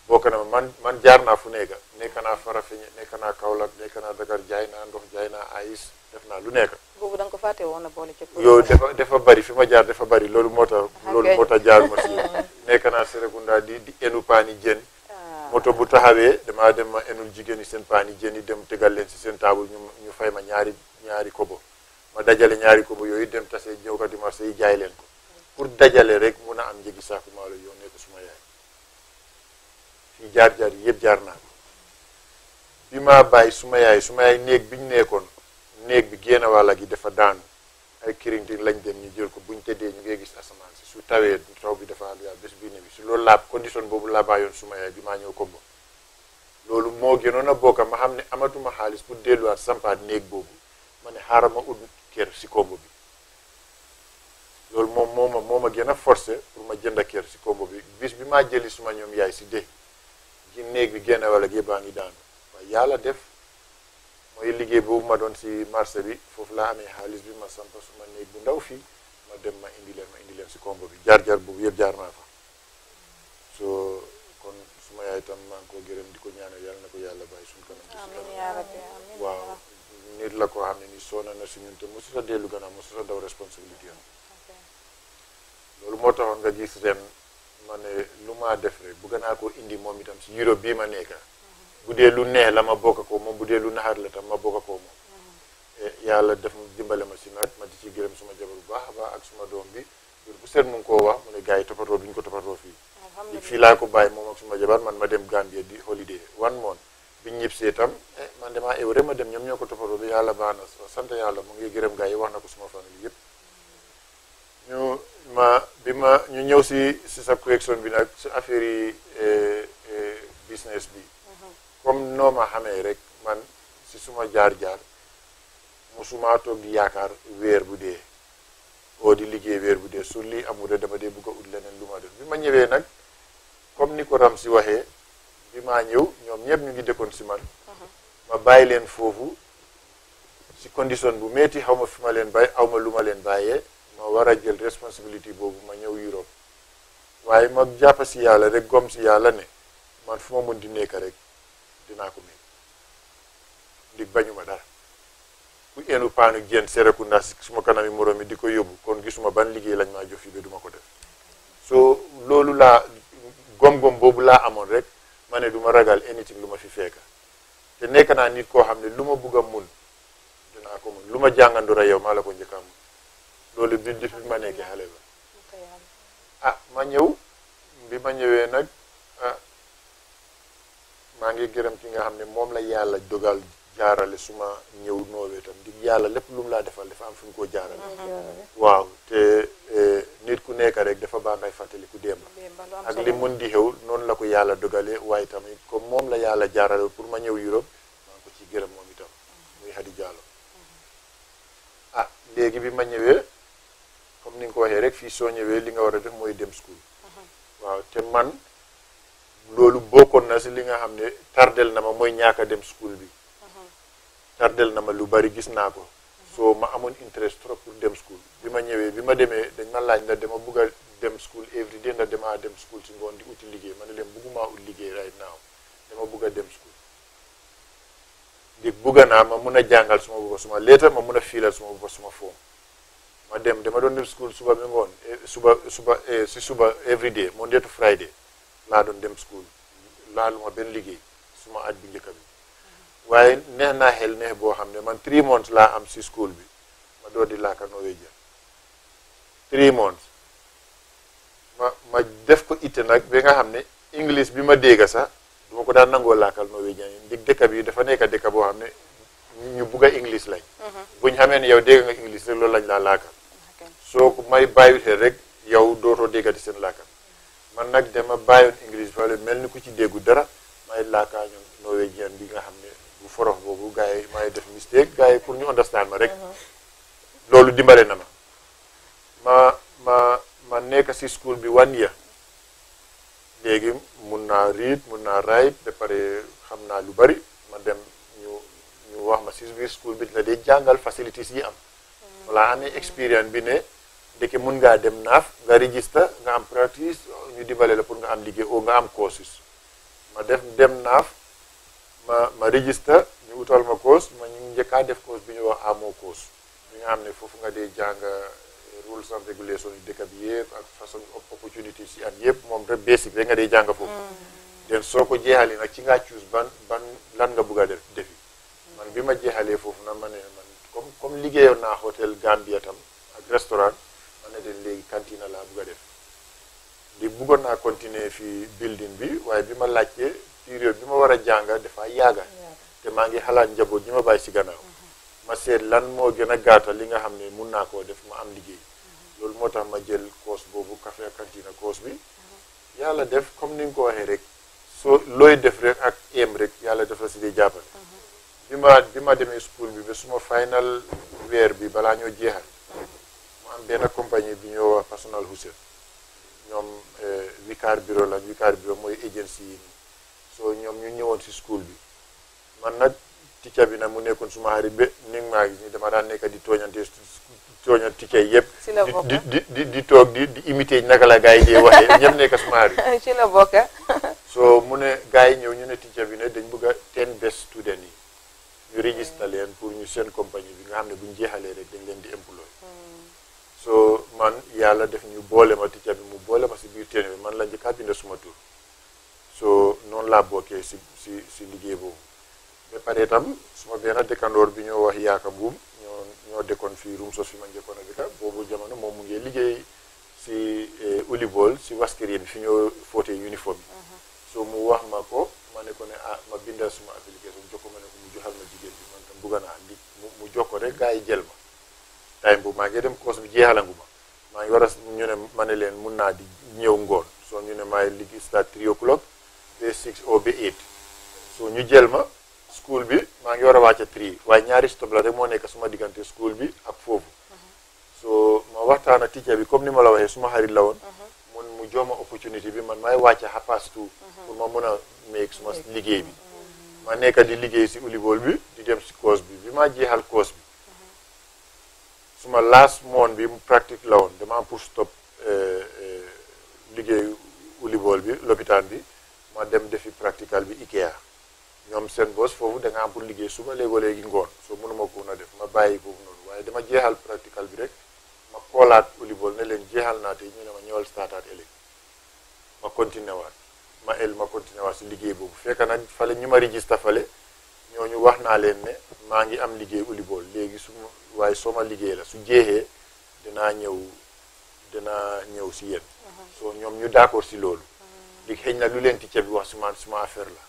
bokk na man man jaar naa fu nekka nekk fara Farafeñe nekk naa Kaolack nekk naa Dakar jaay naa ndox jaay naa ayis def naa lu nekk.
boobu da nga ko fàtte woon na boole ci. yow dafa dafa
bari fi ma jaar dafa bari loolu moo tax. loolu moo jaar ma si. Ah. nekk naa Serekunda di di enu paani jën. Ah. moto bu taxawee damaa dem ma enul jigéen ñi seen paani jën yi dem tegal leen si seen taabu ñu ñu fay ma ñaari ñaari kobo. ma dajale ñaari kobo yooyu dem tase ñëw ko di marché yi jaay leen ko. Mm. pour dajale rek mun a am njëgi saaku ma yow nekk suma yaay ci jaar-jaar yi yëpp jaar naa ko bi ma bàyyi suma yaay suma yaay néeg bi ñu nekkoon néeg bi génn wàlla gi dafa daanu ay kirinti lañ dem ñu jël ko buñ tëddee ñu ngi gis asamaan si su tawee taw bi dafa àlluwaat bés bii ne bi su loolu laab condition boobu laa bàyyoon suma yaay bi maa ñëw ko bokk loolu moo gënoon a bokk ma xam ne amatuma xaalis pour delluwaat sampaat néeg boobu ma ne xaaral ma ut kër si kombo bi loolu moom moo ma moo ma gën a forcé ma jënd kër si kombo bi bis bi maa jëli suma ñoom yaay si dee. ci néeg bi génn wala yëpp baa ngi daanu waaye yàlla def mooy liggéey boobu ma doon si marché bi foofu la amee xaalis bi ma samp suma néeg bu ndaw fii ma dem ma indi leen ma indi leen si kombo bi jaar-jaar boobu yëpp jaar naa fa so kon suma yaay tam maa ngi ko gërëm di ko ñaan yàlla na ko yàlla bàyyi suñu kanam waaw nit la koo xam ne ni soona na si ñun te mosu sa dellu gannaaw mosu sa daw responsabilité am loolu moo taxoon nga gis ren man ne lu maa def rek bëgg naa koo indi moom itam si Europe bii ma nekka
bu dee lu neex
la ma bokk ko moom bu dee lu naxar la tam ma bokk ko moom eh, yàlla def mu dimbale ma si nawet ma di ci gërëm suma jabar bu baax a ak suma doom bi bu seet mu ngi koo wax mu ne gars yi duñ ko toppatoo fii fii laa ko bàyyi moom ak suma jabar man ma dem Gambia di holiday one month biñ ñëpp see itam eh, man damaa ew rek ma dem ñoom ñoo ko toppatoo ba yàlla baax na sant yàlla mu ngi gërëm gars yi wax na ko suma famille yëpp ñu ma bi ma ñu ñëw si si sa collection bi nag si affaire yi eh, eh, business bi comme noo ma xamee rek man si suma jaar-jaar musuma toog di yaakaar weer bu dee oo di liggéey weer bu dee su lii amul rek dama dee bugg a ut leneen lu ma def bi ma ñëwee nag comme ni ko ram si waxee bi maa ñëw ñoom ñëpp ñu ngi dëkkoon si man ma bàyyi leen foofu si condition bu metti xaw ma fi ma leen bàyyi aw ma lu ma leen bàyyee ñoo war a jël responsabilité boobu ma ñëw Europe waaye mag jàpp si yàlla rek gom si yàlla ne man fu ma mën di nekk rek dinaa ko nekk ndig bañu ma dara ku eenu paanu jën Serekunda si suma kanami moroom mi di ko yóbbu kon gisuma ban liggéey lañ maa jox fii ba duma ko def so loolu laa gom-gom boobu laa amoon rek ma ne du ma ragal anything lu ma fi fekka te nekk naa nit koo xam ne lu ma bugg a mun dinaa ko mun lu ma jàngandoor a yow maa la ko njëkk a loolu du jëf bi ma nekkee xale ba ah ma ñëw bi ma ñëwee nag ah maa ngi gërëm ki nga xam ne moom la yàlla dogal jaarale su ma ñëw noowee tam di yàlla lépp lu laa defal dafa am fu ñu koo jaarale mm-hmm. eh, ku nekk rek dafa baax ngay fàttali ku démb ak li mën noonu la ko yàlla dogalee waaye tamit comme moom la yàlla jaarale pour ma ñëw Europe maa ngi ko ci gërëm moom itam mm-hmm. muy Hadi Diallo ah léegi bi ma ñëwee comme ni nga ko waxee rek fii soo ñëwee li nga war a def mooy dem school waaw te man loolu bokkoon na si li nga xam ne tardel na ma mooy ñàkk dem school bi tardel na ma lu bari gis naa ko soo ma amoon interest trop pour dem school bi ma ñëwee bi ma demee dañ ma laaj la dama bugg a dem school every day na dama dem school si ngoon di uti liggéey ma ne leen buggumaa ut liggéey right now dama bugg a dem school di bugga naa ma mun a jàngal suma bopp suma leetal ma mun a suma bopp suma foom ma dem dama doon dem school suba bi ngoon eh, suba suba eh, si suba every day Monday to Friday laa doon dem school laaluma benn liggéey suma at bi njëkk bi
waaye neex naa xel neex
boo xam ne man three months laa am si school bi ma door di laaka Norwegian three months ma ma def ko itte nag ba nga xam ne English bi ma dégga sax duma ko daan nangoo laakal Norwegian yi ndig dëkk bi dafa nekk dëkk boo xam ne ñu bugg a English lañ mhm. buñ xamee ne yow dégg nga loolu lañ laa laakal soo ko may bàyyiwutee rek yow doto degati sen laka man nak dama bàyyoon English Valley mel ni ku ci degu dara may laakaa ñoom gai bi nga xamne bu forof bobu gaay may def mistake gaay pour ñu understand ma rek uh-huh. lolu dimbalé na ma ma ma ma nek ci school bi one year munarit, mun na read mun na write be pare xamna lu bari ma dem ñu ñu wax ma ci school bi la dee jangal facilities yi am wala uh-huh. ane experience bi ne ndeke mun ngaa dem naaf nga register nga am pratique ñu dimbale la pour nga am liggéey oo nga am cursus ma def dem naaf ma ma register ñu utal ma course ma ñu njëkkaa def course bi ñu wax amoo course bi nga xam ne foofu nga dee jàng euh, rules and regulations yu dëkk bi ak façon opportunities yi am yëpp moom rek basic rek nga dee jàng foofu mm. den soo ko jeexalee nag ci ngaa choose ban ban lan nga bëgg a def defi man bi ma jeexalee foofu na ma ne man comme comme liggéeyoon naa hôtel Gambia tam ak restaurant ma ne leen léegi kantina laa bëgg a def di bëggoon naa continuer fii building bi waaye bi ma laajte période bi ma war a jànga dafa yaaga te maa ngi xalaat njaboot ñi ma bàyyi si gannaaw ma seet lan moo gën a gàttal li nga xam ne mun naa koo def ma am liggéey loolu moo tax ma jël koos boobu café kantina koos bi yàlla def comme ni nga ko waxee rek soo looy def rek ak eem rek yàlla def la si dee jàppale bi ma bi ma demee school bi ba suma final weer bi balaa ñoo jeexal am benn compagnie bi ñoo wax personal husser ñoom vicar eh, bureau la vicar bureau mooy agency yi so ñoom ñu ñëwoon si school bi man nag ticca bi nag mu nekkoon suma xarit be ning maa gis ni dama daan nekk di tooñante tooña ticca yëpp di di di di toog di di imité naka la gars yi dee waxee ñëpp nekk suma xarit ci la bokk so mu ne gars yi ñëw ñu ne ticca bi ne dañ bëgg a ten best student yi ñu register leen pour ñu seen compagnie bi nga xam ne bu jeexalee rek dañ leen di employé so man yàlla def ñu boole ma ticca bi mu boole ma si biir téene bi man la njëkk a suma tur so noonu laa bokkee si si si liggéey boobu ba pare itam suma benn dëkkandoor bi ñoo wax yaaka buum ñoo ñoo dëkkoon fii rum sos fi ma njëkkoon a dëkka boobu jamono moom mu ngi liggéey si eh, bool si Waskirien fi ñoo fóotee uniforme bi mhm. so mu wax ma ko ma ne ko ne ah ma bindal suma application jokko ma ne ko mu joxal ma jigéen bi man tam bugga naa li mu jokko rek gaa yi jël ma time bu maa ngi dem course bi jeexalanguma maa ngi war a ñu ne ma ne leen mun naa di ñëw ngoon soo ñu ne maay liggéey start 3 o'clock ba 6 o ba 8 soo ñu jël ma school bi maa ngi war a wàcc 3 waaye ñaari stop la rek moo nekk suma diggante school bi ak foofu uh-huh. so ma waxtaan ak teacher bi comme ni ma la waxee suma xarit la woon uh-huh. mun mu jox ma opportunité bi man maay wàcc half past two uh-huh. pour ma mun a make suma liggéey bi mm-hmm. ma nekk di liggéey si olibool bi di dem si course bi bi maa jeexal course suma last mone bi mu pratique la woon dama am pour stop eh, eh, liggéey ulibool bi lopitaan bi ma dem defi practical bi IKEA ñoom seen boos foofu da am pour liggéey suba léegoo léegi ngoon soo mënuma koo na def ma bàyyi foofu noonu waaye dama jeexal practical bi rek ma koolaat ulibool ne leen jeexal naa te ñu ne ma ñëwal startaat ëllëg ma continué waat ma el ma continué si liggéey boobu fekk nag fale ñu ma registré fale ñooñu wax naa leen ne maa ngi am liggéey ulibool léegi su ma waaye soo ma liggéey la su jeexee danaa ñëw danaa ñëw si yéen mhm. soo ñoom ñu d'accord si loolu di xëy na lu leen ti ceeb bi wax ma suma affaire la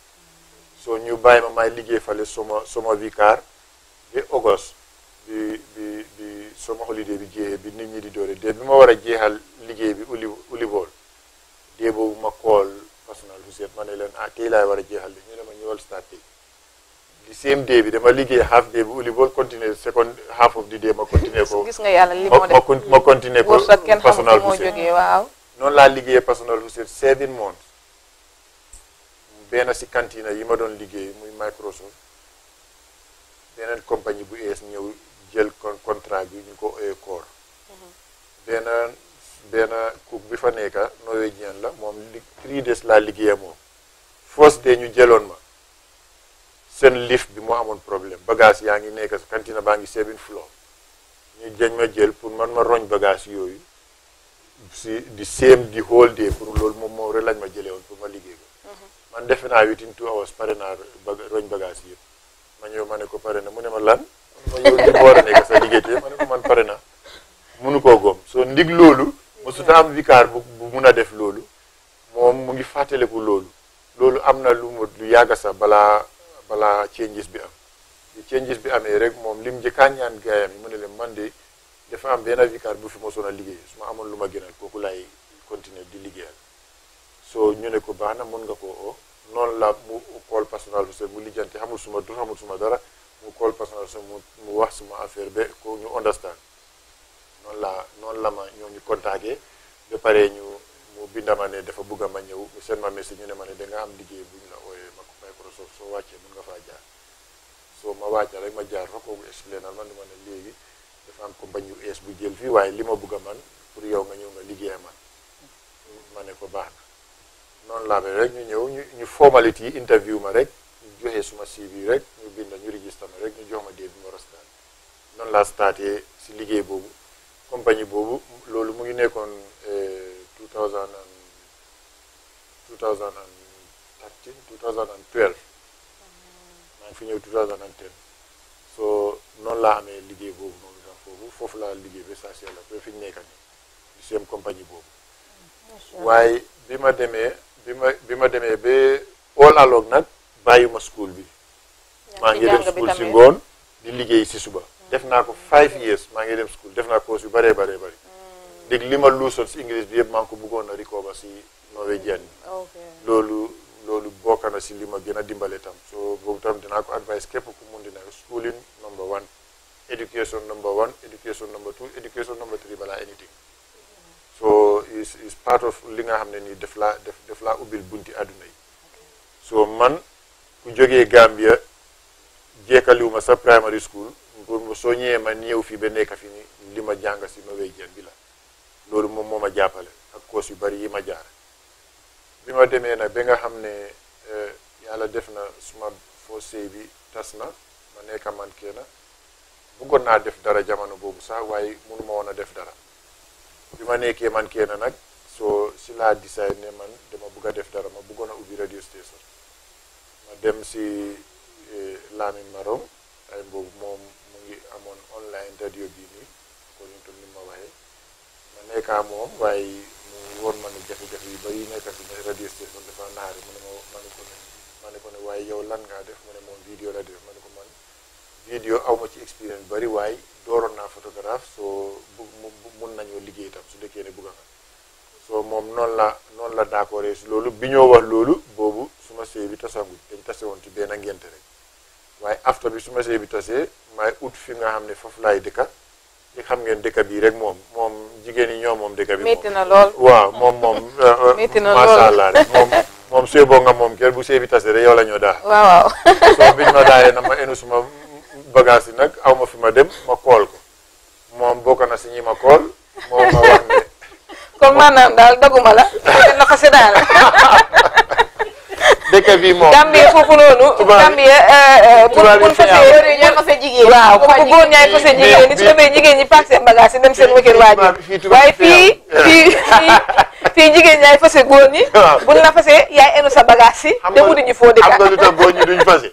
soo ñu bàyyi ma may liggéey fale soma soma vicar bi ogos bi bi bi soma holiday bi jeexee bi nit ñi di doore dee bi ma war a jeexal liggéey bi uli ulibool dee boobu ma kool personnel bu seet ma ne leen ah tey laay war a jeexal li ñu ne ma ñëwal start the same day bi dama liggéey half day bi uli boo continuer second half of the day ma continuer ko gis nga yàlla li moo def ma continuer ko personal bu set noonu laa liggéeyee personal bu set seven months benn si kantina yi ma doon liggéey muy Microsoft beneen compagnie bu ees ñëw jël kon contrat bi ñu ko oyee koor mhm. benn cook bi fa nekka norvégien la moom li three days laa liggéeyee moom first day ñu jëloon ma seen lift bi moo amoon problème bagage yaa ngi nekk sa kantina baa ngi seven floor ñu jëñ ma jël pour man ma roñ bagage yooyu si di same di whole day pour loolu moom moom lañ ma jëlee woon pour ma liggéey mhm. man defe naa within two hours pare naa roñ bagage yëpp ma ma ne ko pare na mu ne ma lan ma yow li war a nekk sa liggéey te ma ne ko man pare na munu koo goom soo ndig loolu mosuta am vikaar bu bu mun a def loolu moom mu ngi fàttaliku loolu loolu am na lu mu lu yàgg sax balaa balaa changes bi am bi changes bi amee rek moom lim njëkkaa ñaan gaayam yi mu ne leen man de dafa am benn vicaire bu fi mosoon a liggéey su ma amoon lu ma gënal kooku laay continuer di liggéeyal so ñu ne ko baax na mun nga ko oo oh. noonu la mu kool personnel bi mu lijjanti xamul suma dur xamul suma dara mu kool personnel mu mu wax suma affaire ba ko ñu understand noonu laa noonu la ma ñoom ñu contacté ba pare ñu mu bindama ne dafa bugg a ma ñëw seen ma message ñu ma ne nga am liggéey bu ñu la suuf soo wàccee mun nga faa jaar soo ma wàccee rek ma jaar fa kooku expliqué man li ma léegi dafa am compagnie bu ees bu jël fii waaye li ma bëgg a man pour yow nga ñëw nga liggéey man ma ne ko baax na noonu laa rek ñu ñëw ñu ñu formalité yi interview ma rek ñu joxe suma CV rek ñu bind ñu registré ma rek ñu jox ma dee bi ma start noonu laa starté si liggéey boobu compagnie boobu loolu mu ngi nekkoon 2000 and 2000 and 2013 2012 maa ngi fi ñëw 2010 so noonu laa amee liggéey boobu noonu sax foofu laa liggéey ba sa si yàlla ba fi ñu nekk nii di seen compagnie boobu waaye bi ma demee bi ma bi ma demee ba all aloog nag bàyyi bàyyuma school bi maa ngi dem school si ngoon di liggéey si suba def naa ko five years maa ngi dem school def naa course yu baree baree bari mm.
dégg li ma luusoon
si English bi yëpp maa ko bëggoon a recover si norwegian
mm,
loolu loolu bokk na si li ma gën a dimbale tam so boobu tam dinaa ko advice képp ku mun di nekk schooling number one education number one education number two education number three balaa anything so is is part of li nga xam ne nii def laa def def laa ubbil bunti àdduna yi so man ku jógee Gambia jeekaliwuma sa primary school soo ñëwee ma ñëw fii ba nekk fi ni li ma jàng si ma wéy bi la loolu moom moo ma jàppale ak course yu bari yi ma jaar bi ma demee nag bi nga xam ne euh, yàlla def na suma foo sëy bi tas na ma nekka man kenn bëggoon naa def dara jamono boobu sax waaye mënuma woon a def dara bi ma nekkee man kenn nag soo si laa decide ne man dama bëgg a def dara ma bëggoon a ubbi radio station ma dem si euh, Lamin Marom ay boobu moom mu ngi amoon online radio bii nii ko ma waxee ma nekkaa moom waaye woon man ne jafe-jafe yu bëri yi nekk si ne radio station dafa naari mu ne ma ma ne ko ne ma ko ne waaye yow lan ngaa def mu ne moom vidéo la def ma ne ko man vidéo aw ma ci expérience bëri waaye dooroon naa photographe soo bu mun nañoo liggéey itam su dëkkee ne bugg nga soo moom noonu la noonu la daa d'accord si loolu bi ñoo wax loolu boobu su ma sëy tasa tasangu dañ tase woon ci benn ngénte rek waaye after bi su ma sëy bi tasee maay ut fi nga xam ne foofu laay dëkka ci xam ngeen dëkk bii rek moom moom jigéen yi ñoom moom dëkk bi. métti na lool waaw moom moom. Euh, euh, métti na lool macha allah moom moom sëy boo nga moom kër bu sëy bi tase rek yow la ñoo daa.
waaw waaw. soo biñ ma daayee
na ma enu suma bagage yi nag aw ma fi ma dem ma kool ko moom bokk na si ñi ma kool moom ma wax
ne. kon maanaam daal daguma la. dina daal. dëkk bi moom Gambie foofu noonu. Gambie euh, euh, pour pour fase ñooy
fase jigéen waaw pour góor ñaay fase jigéen ñi su ko
defee jigéen ñi paak seen bagage yi dem seen wëkkër waa ji waaye fii fii fii jigéen ñaay fase góor ñi buñ la fase yaay enu sa bagage yi dem duñu foo
ñi duñu fase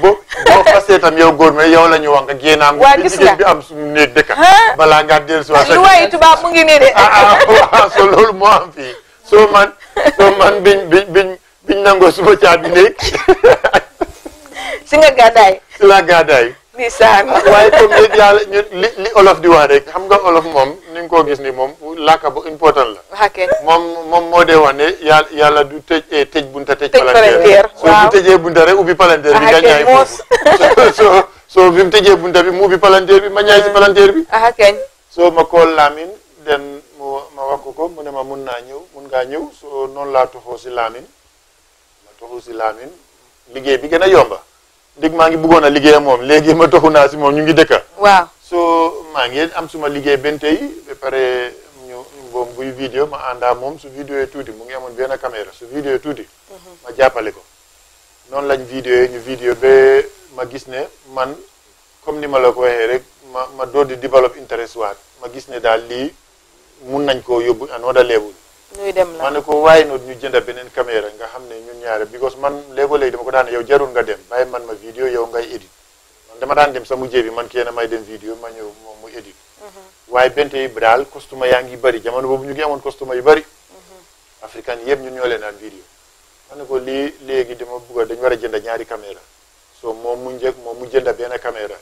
boo boo tam yow góor mi yow la wax nga génnaam. waa gis nga bi am suñu néeg dëkk. balaa ngaa dellusiwaat sa
kii tubaab mu ngi nii de. ah ah
waaw loolu moo am fii soo man soo man biñ biñ nangoo suma caabi néeg
si nga gàddaay
si laa gàddaay ndeysaan waaye comme yëg li li olof di wax rek xam nga olof moom ni nga koo gis ni moom làkka bu important ya, ya la moom moom moo dee wax ne yàlla yàlla du tëj eh, tëj bunta tëj palanteer soo bu tëjee bunta rek ubbi palanteer bi nga ñaay moom soo soo bi mu bunta bi mu ubbi palanteer bi ah, ma ñaay si palanteer bi soo ma kool laamin den mu ma wax ko ko mu ne ma mun naa ñëw mun ngaa ñëw soo noonu laa toxoo si laamin Ruusi Laamin liggéey bi gën a yomba dëgg maa ngi bëggoon a liggéey moom léegi ma toxu naa si moom ñu ngi dëkka waa so maa ngi am suma liggéey benn tey ba pare ñu mboom buy vidéo ma àndaa moom su vidéo yi tuuti mu ngi amoon benn caméra su vidéo yi tuuti mhm. ma jàppale ko noonu lañ vidéo yi ñu vidéo ba ma gis ne man comme ni ma la ko waxee rek ma ma doon di développe interest waat ma gis ne daal lii mun nañ koo yóbbu another level ñuy dem la ma ne ko waaye ñu jënda caméra nga ne ñun because man léegoo léegi dama ko daan yow jarul nga dem bàyyi man ma video yow ngay edit man dama daan dem sa mujjee bi man kenn may dem vidéo ma ñëw moom mu edit mhm. waaye bente yi daal costume yaa ngi bëri jamono boobu ñu ngi amoon costume yu bëri mhm. africain yëpp ñun ñoo leen daan vidéo ma ne dama jënda ñaari caméra so moom mu njëkk moom mu jënda benn caméra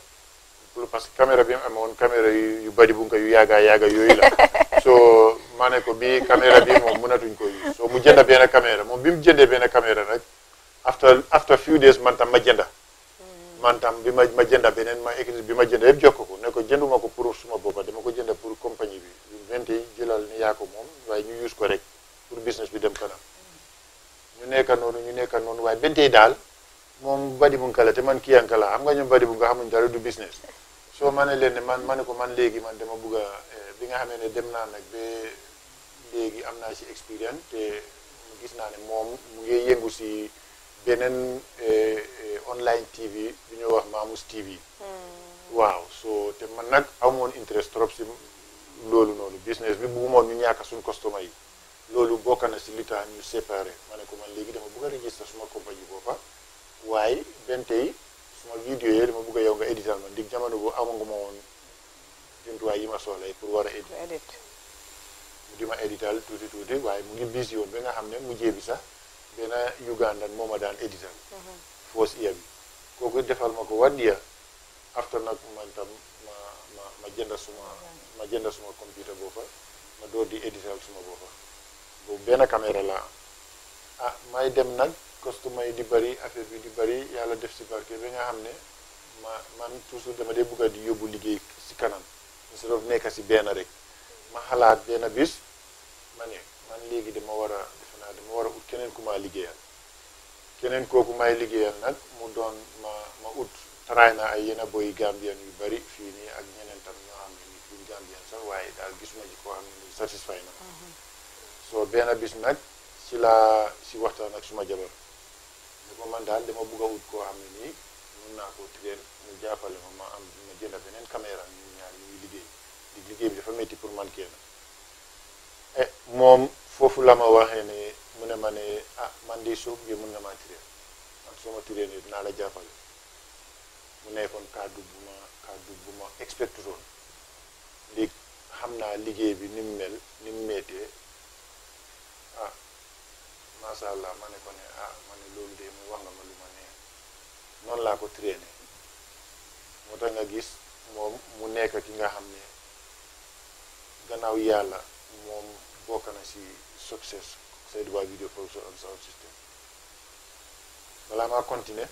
parce que caméra bi mu amoon caméra yu bëri bu nga yu yaaga la so ma ne ko bii caméra bii moom mënatuñ ko use so mu jënd benn caméra moom bi mu jëndee benn caméra nag after after few days man tam ma jënda man tam bi ma ma jënda beneen ma écrit bi ma jënda yëpp jokk ko ne ko jënduma ko pour suma boppa dama ko jënda pour compagnie bi vente yi jëlal ni yaa ko moom waaye ñu use ko rek pour business bi dem kanam ñu nekka noonu ñu nekka noonu waaye bente yi daal moom badi bu nga la te man kii yanka la xam nga ñoom badi bu nga xamuñ dara du business soo ma ne leen ne man ma ne ko man léegi man dama bëgg a eh, bi nga xamee ne dem naa nag ba léegi am naa ci expérience te gis naa ne moom mu ngi yëngu si beneen
eh, eh, online
TV bi ñuy wax Mamouss TV. Hmm. waaw so te man nag amoon interest trop si loolu noonu business bi bëggumoon ñu ñàkk suñ customer yi loolu bokk na si li tax ñu séparé ma ne ko man léegi dama bëgg a registré suma compagnie boppa waaye benn tey sama vidéo yooyu dama bëgg yow nga édital ma dig jamono bu amaguma woon jumtuwaay yi ma soxla pour war a édit di ma édital tuuti tuuti waaye mu ngi bis yoon bi nga xam ne mu jéebi sax benn Ugandan moo ma daan édital mhm. foos iya bi kooku defal ma ko one year after nag man tam ma ma ma jënd suma ma jënd suma computer boo fa ma door di édital suma boo fa boobu benn caméra la ah may dem nag costuma yi di bari affaire bi di bari yalla def ci barke bi nga xamne ma man toujours dama day bugga di yobbu liggéey ci kanam
instead nekk ci ben
rek ma xalaat ben bis ma man légui dama wara a defe dama wara ut keneen ku maa liggéeyal keneen koku may liggéeyal nag mu doon ma ma ut taraay ay yena boy gambian yu bari fi ni ak ñeneen tam ñoo xam ni fi gambian sax waye dal gis ma ci ko am satisfay so ben bis nag si la si waxtaan ak suma jabar ma man daal dama bëgg a wut koo xam ne nii mun naa koo tigeel mu jàppale ma ma am di ma jënd beneen caméra ñu ñaar ñuy liggéey di liggéey bi dafa métti pour man kenn eh moom foofu la ma waxee ne mu ne ma ne ah man di soo bëggee mun nga maa tireel man soo ma tireel ne dinaa la jàppale mu nekkoon kàddu bu ma kàddu bu ma expecté woon xam naa liggéey bi ni mu mel ni mu méttee macha allah ma ko ne ah ma ne loolu de muy ma luma ma non la ko traîné moo tax nga gis mom mu nekk ki nga xam gannaaw yalla mom bokk kan na si success Saidou Ba video production and sound system wala ma continuer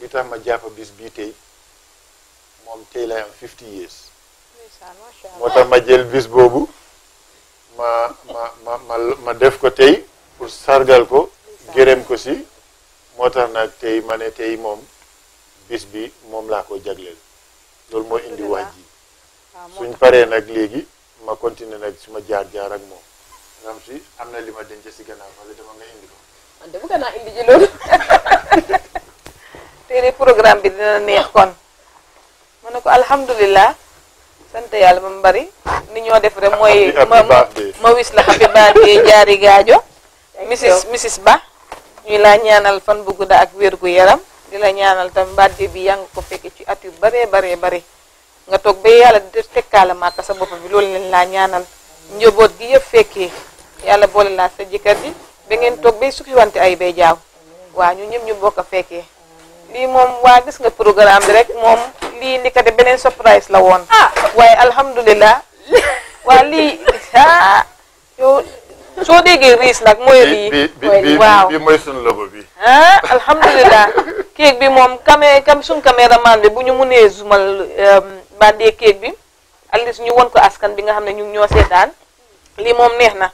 li tax ma japp bis bi tey mom tey la am 50 years moo tax ma jël bis bobu ma ma ma ma ma def ko tey pour sargal ko gërëm ko si moo tax nag tey ma ne tey moom bis bi moom laa ko jagleel loolu moo indi wax ji ah, suñ paree nag
léegi ma continuer nag suma jaar-jaar ak moom ram si am na li ma denc si gannaaw wala
dama nga indi ko
man de programme bi dina neex kon ma ko alhamdulilah sante yalla ba bari ni ñoo def rek moy ma wiss wis la happy birthday jaari gaajo Mrs Mrs Ba ñu la ñaanal fan bu gudda ak wër gu yaram di la ñaanal tam birthday bi yang ko fekk ci atu bare bare bare nga tok be yalla di ma ka sa bop bi loolu la ñaanal njobot gi yëpp fekke yalla boole sa jikati ji ngeen tok be sukki wante ay bay jaaw wa ñu ñëm ñu bokk fekke lii moom waa gis nga programme bi rek moom lii ni kat beneen surprise la woon. Ah. waaye alhamdulilah. waa lii ah soo déggee riis nag mooy lii. bi waaw
bi mooy sunu logo bi.
ah alhamdulilah kéeg bi moom camé cam suñ caméraman bi bu ñu mënee zumal euh, bandee kéeg bi alis ñu won ko askan bi nga xam ne ñu ngi ñoo seetaan lii moom neex na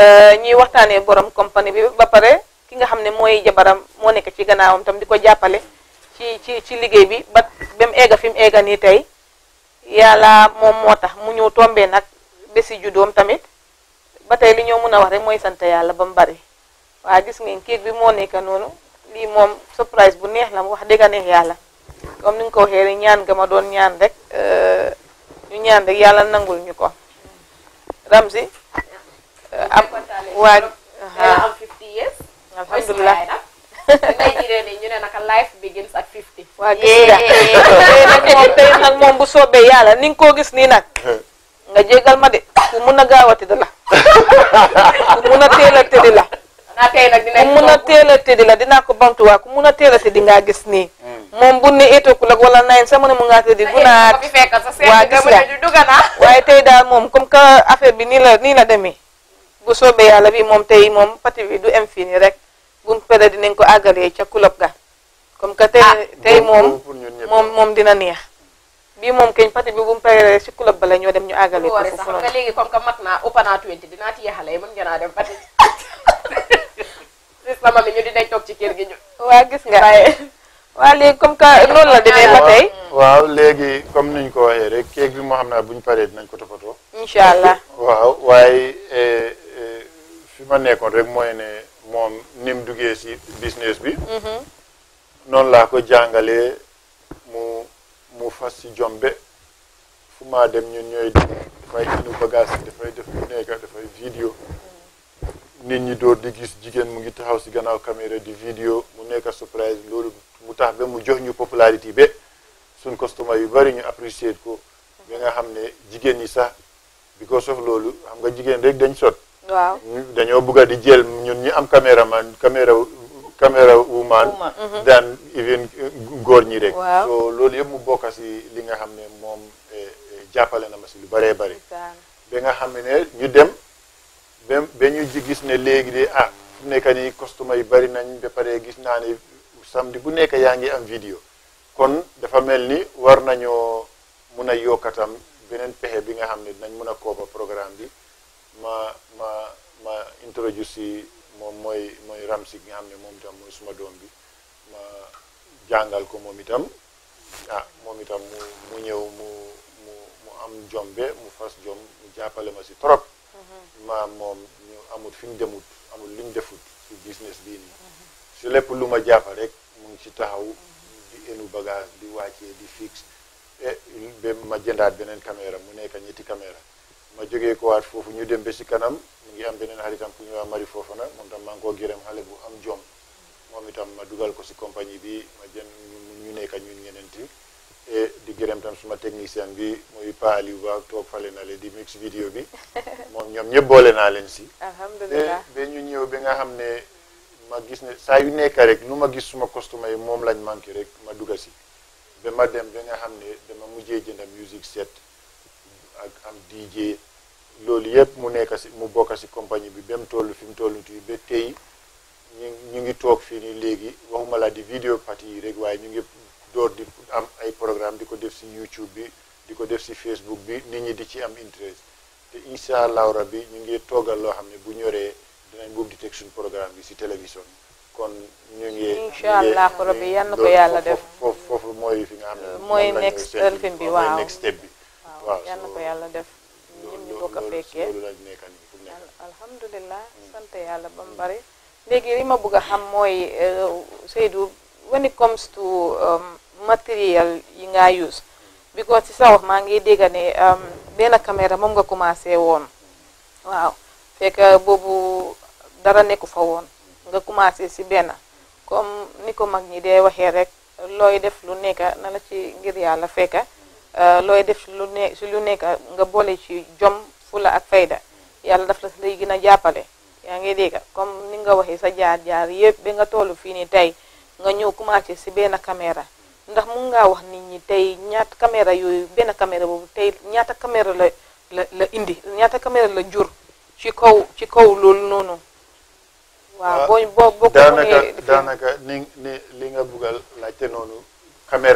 euh, ñuy waxtaanee borom compagnie bi ba pare. ki nga xam ne mooy jabaram moo nekk ci gannaawam tam di ko jàppale ci ci ci liggéey bi ba ba mu eega fi mu eega nii tey yàlla moom moo tax mu ñëw tombee nag bési juddoom tamit ba tey li ñoo mën a wax rek mooy sant yàlla ba mu bari waa gis ngeen kéeg bi moo nekk noonu lii moom surprise bu neex la mu wax dëgg neex yàlla comme ni nga ko waxee ñaan nga ma doon ñaan rek euh, ñu ñaan rek yàlla nangul ñu ko Ramzy euh, am waa
alhamdulillah tey jii de ñu ne nak life begins at 50. waa
gis nga tey nag moom bu soobee yàlla ni nga hmm. koo gis nii nag nga jégal ma de ku mun a gaawati de la ku mun a teel a tëddi la. naa tey nag dinañ ko ku mun a teel ku mun a teel a tëddi gis nii. moom bu ne eight o'clock wala nine sama ne mu ngaa tëddi gunaat waa gis nga waaye tey daal moom comme que affaire bi nii la nii la demee bu soobee bi moom tey moom pati bi du em rek. buñ pare dinañ ko àggalee ca club ga comme que tey ah. tey moom moom moom dina neex bii moom keñ parti bi bu mu paree si la ñoo dem ñu àggale ko sax nga léegi
comme que mag naa ëpp naa nga naa dem parti si dinañ toog ci kër gi ñu waa gis nga
waa léegi comme que
noonu la
léegi comme niñ ko waxee rek keek bi moo xam naa buñ paree dinañ ko toppatoo incha allah waaw waaye eh, eh, fi ma nekkoon rek mooy ne moom ni mu duggee si business bi mhm. noonu laa ko jàngalee mu mu fas ci jombe fu maa dem ñun ñooy dafay indi bagage dafay def lu nekk dafay vidéo nit ñi door di gis jigéen mu ngi taxaw si gannaaw caméra di vidéo mu nekk surprise loolu mu tax ba mu jox ñu popularité ba suñ customer yu bari ñu apprécier ko ba nga xam ne jigéen ñi sax because ko loolu xam nga jigéen rek dañ sot waaw dañoo bëgg di jël ñun ñu am caméraman caméra caméra woman mhm. daan even uh, góor ñi rek so loolu yëpp mu bokk si li nga xam ne moom eh, eh, jàppale na ma si lu bëree bëri ba nga xam ne ñu dem ba ba ñu gis ne léegi de ah fu nekk ni costume yu bari nañ ba pare gis naa ni ne samedi bu nekk yaa ngi am vidéo kon dafa mel ni war nañoo mun a yokkatam beneen pexe bi nga xam ne dinañ mën a kooba programme bi ma ma ma introduce yi moom mooy mooy Ramsi nga xam ne moom itam mooy suma doom bi ma jàngal ko moom itam ah moom itam mu ñëw mu mu mu am jombe mu fas jom mu jàppale ma si trop mm-hmm. ma moom ñu amul fi mu demut amul li mu defut si business bii nii mm-hmm. si lépp lu ma jàppa rek mu ngi ci taxaw mm-hmm. di enu bagage di wàccee di fixe eh, e ba ma jëndaat beneen caméra mu nekk ñetti caméra ma jógee ko waat foofu ñu dem ba si kanam mu ngi am beneen xaritam ku ñuy wax Mari nag moom tam maa ngi koo gërëm xale bu am jom moom itam ma dugal ko si compagnie bi ma jën ñu nekka ñun ñeneenti et di gërëm tam suma technicien bi muy Pa Aliou Ba toog fale na leen di mix vidéo bi moom ñoom ñëpp boole naa leen si
alhamdulilah
ñu ñëw ba nga xam ne ma gis ne saa yu nekka rek lu ma gis suma costume yi moom lañ manqué rek ma duga si ba ma dem ba nga xam ne dama mujjee jënda musique set ak am DJ loolu yëpp mu nekk si mu bokk si compagnie bi ba mu toll fi mu toll tuuti ba tey ñu ñu ngi toog fii nii léegi waxuma laa di vidéo parti yi rek waaye ñu ngi door di am ay programme di ko def si YouTube bi di ko def si Facebook bi nit ñi di ci am interest te incha allahu bi ñu ngi toogal loo xam ne bu ñoree dinañ boobu di teg suñu programme bi si télévision kon ñu ngi. incha allah rabbi yan yàlla def foofu foofu mooy fi nga xam ne. mooy next step yal na ko yàlla def ñun ñu bokk a fekkee
alhamdulilah hmm. sant yàlla ba mu bari léegi li ma bugg a xam mooy euh, Seydou when it comes to um, matériel yi nga use because ci sa wax maa ngi dégg ne um, benn caméra moom nga commencé woon waaw fekk boobu dara nekku fa woon nga commencé si benn comme ni ko mag ñi dee waxee rek looy def lu nekka na la ci ngir yàlla fekka Euh, looy def si lu nekk nga boole ci jom fula ak fayda yalla daf la lay gën a jàppale yaa ngi dégg comme ni nga waxee sa jaar-jaar yëpp bi nga toll fii nii tey nga ñëw commencé si benn caméra ndax mun ngaa wax nit ñi tey ñaat caméra yooyu benn caméra boobu tey ñaata caméra la
la indi ñaata caméra la jur ci kaw ci kaw loolu noonu waaw ah, boo boo boo ko daanaka daanaka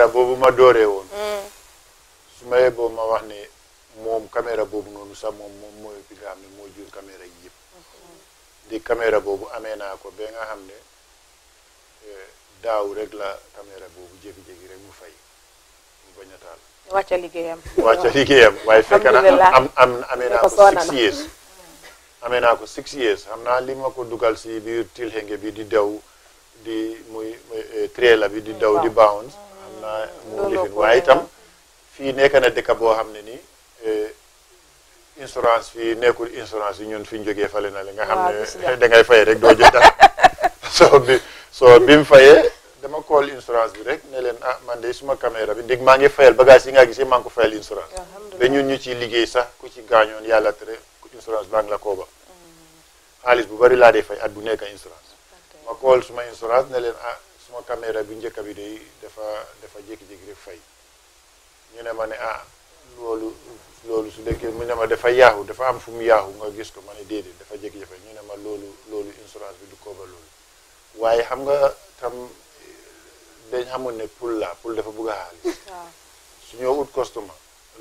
boobu ma dooree su ma yeboo ma wax ne moom caméra boobu noonu sax moom moom mooy bi nga xam ne moo jur caméra yi yëpp di caméra boobu amee naa ko ba nga xam ne eh, daaw rek la caméra boobu jékki-jékki rek mu fay mu bañ a taal wàcca liggéeyam liggéeyam waaye fekk na amee naa ko six years amee naa ko six years xam naa li ma ko dugal si biir tilxenge bi di daw di muy eh, trailer bi di daw di bounce xam naa mu lifin waaye itam fii nekk na dëkk boo xam ne nii eh, insurance fii nekkul insurance yi ñun fi ñu jógee fale na la nga xam ne dangay ngay fay rek doo jël dara soo bi soo bi mu fayee dama call insurance bi rek ne leen ah man de suma caméra bi ndig maa ngi fayal bagage yi nga gisee maa ko fayal insurance ba ñun ñu ciy liggéey sax ku ci gaañoon yàlla tere insurance baa la kooba mm-hmm. bu bari laa dee fay at bu nekk insurance ma call suma insurance ne leen ah suma caméra bi njëkk bi de dafa dafa jékki-jékki rek fay ñu ne ma ne ah loolu loolu su dëkkee mu ne ma dafa yaaxu dafa am fu mu yaaxu nga gis ko ma ne déedéet dafa jeg jafe ñu ne ma loolu loolu insurance bi du kooba loolu waaye xam nga tam dañ xamoon ne poul la poul dafa bëgg a xaalis su ñoo ut customer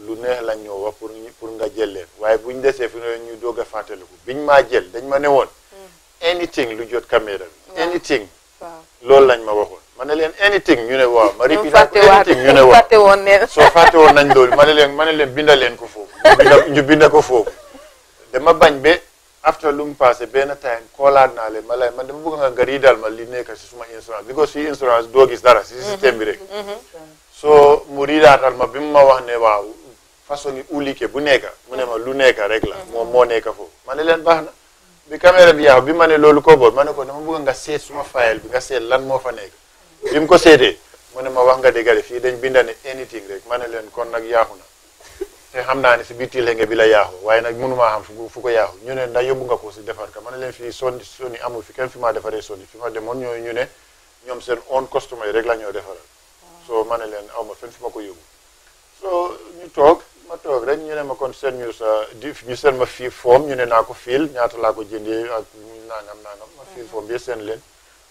lu neex lañ ñoo wax pour pour nga jël leen waaye buñ desee fi ne ñu doog a fàttaliku biñ maa jël dañ ma ne woon mm. anything lu jot caméra bi anything loolu lañ ma waxoon ma ne leen anything ñu ne waaw ma répété anything ñu ne waaw soo fàtte woon nañ loolu ma ne leen ma ne leen binda leen ko foofu ñu binda ko foofu dama bañ be after lu mu passé benn time koolaat naa leen ma lay man dama bëgg nga nga riidal ma li nekk si suma insurance because si insurance doo gis dara si mhm. système bi rek mhm. soo mu riidaatal ma bi mu ma wax ne waa façon ni ulike bu nekka mu ne ma lu nekka rek la mhm. moom moo nekka foofu ma ne leen baax na bi caméra bi yaaw bi ma ne loolu ko boot ma ko dama bëgg nga seet suma fayal bi nga seet lan moo fa nekk bi mu ko seetee mu ne ma wax nga dëgg de fii dañ binda ne anything rek ma ne leen kon nag yaaxu na te xam naa ne si biir tiile nga bi la yaaxu waaye nag mënumaa xam fu fu ko yaaxu ñu ne ndax yóbbu nga ko si defar ka ma ne leen fii sonni sonni fi kenn fi maa defaree sonni fi ma ñu ne ñoom seen own customer rek la ñoo defaral so ma ne leen aw ma fenn fi ko yóbbu so ñu ma toog rek ñu ne ma kon seen ñu sa di ñu seen ma fii foom ñu ne naa ko fiil ñaata laa ko jëndee ak nangam nangam ma fiil foom seen leen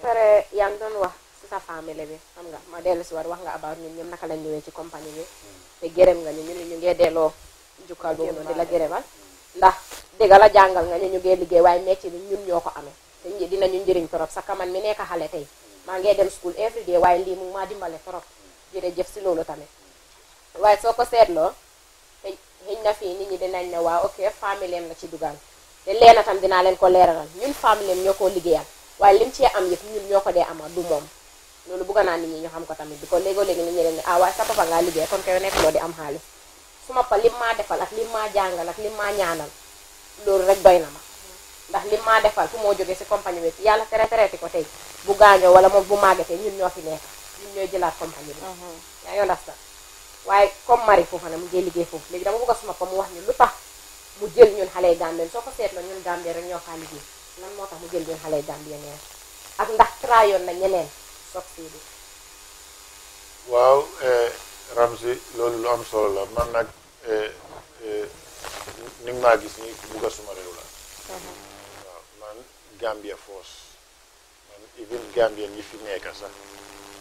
pare yaa ngi doon wax si sa famille bi xam nga ma dellu si war wax nga about ñun ñoom naka lañ ñëwee ci compagnie bi hmm. te gërëm nga ñu ñu ñu ngee delloo jukkal boobu noonu di la gërëmal ndax
dégg la jàngal nga ñu ñu
ngee liggéey waaye métier bi ñun ñoo ko amee te dinañu njëriñ torop sa kaman mi nekk xale tey maa ngee dem school every day waaye lii mu maa dimbale torop jërëjëf si loolu tamit waaye soo ko seetloo xëñ na fii nit ñi dinañ ne waa ok famille am la ci dugal
te leena tam dinaa leen ko leeralal
ñun famille am ñoo koo liggéeyal waaye lim ci am yëpp ñun ñoo ko dee amal du moom loolu bëgg naa nit ñi ñu xam ko tamit di ko léegoo léegi nit ñi leen ne ah liggéey kon koy nekk loo am xaalis su ma pa lim maa defal ak lim maa jàngal ak lim maa ñaanal loolu rek doy na ma ndax lim maa defal fu moo jógee si compagnie bi yàlla tere tereeti ko tey bu gaañoo wala moom bu màggatee ñun ñoo fi nekk ñun ñooy jëlaat compagnie bi mhm. yaa ngi ndax sax waaye comme mari foofu nag mu ngi liggéey foofu léegi dama bëgg suma pa mu wax ni lu tax mu jël ñun xale yi Gambie soo ko seetloo ñun Gambie rek ñoo faa liggéey lan moo tax mu jël leen xale Gambien ñeneen ak ndax traayoon na ñeneen soog sii bi
waaw eh, Ramzy loolu lu am solo la man nag eh, eh, ni maa gis nii ku bugg a suma réew la mhm. man Gambia force man even Gambien yi fi nekk sax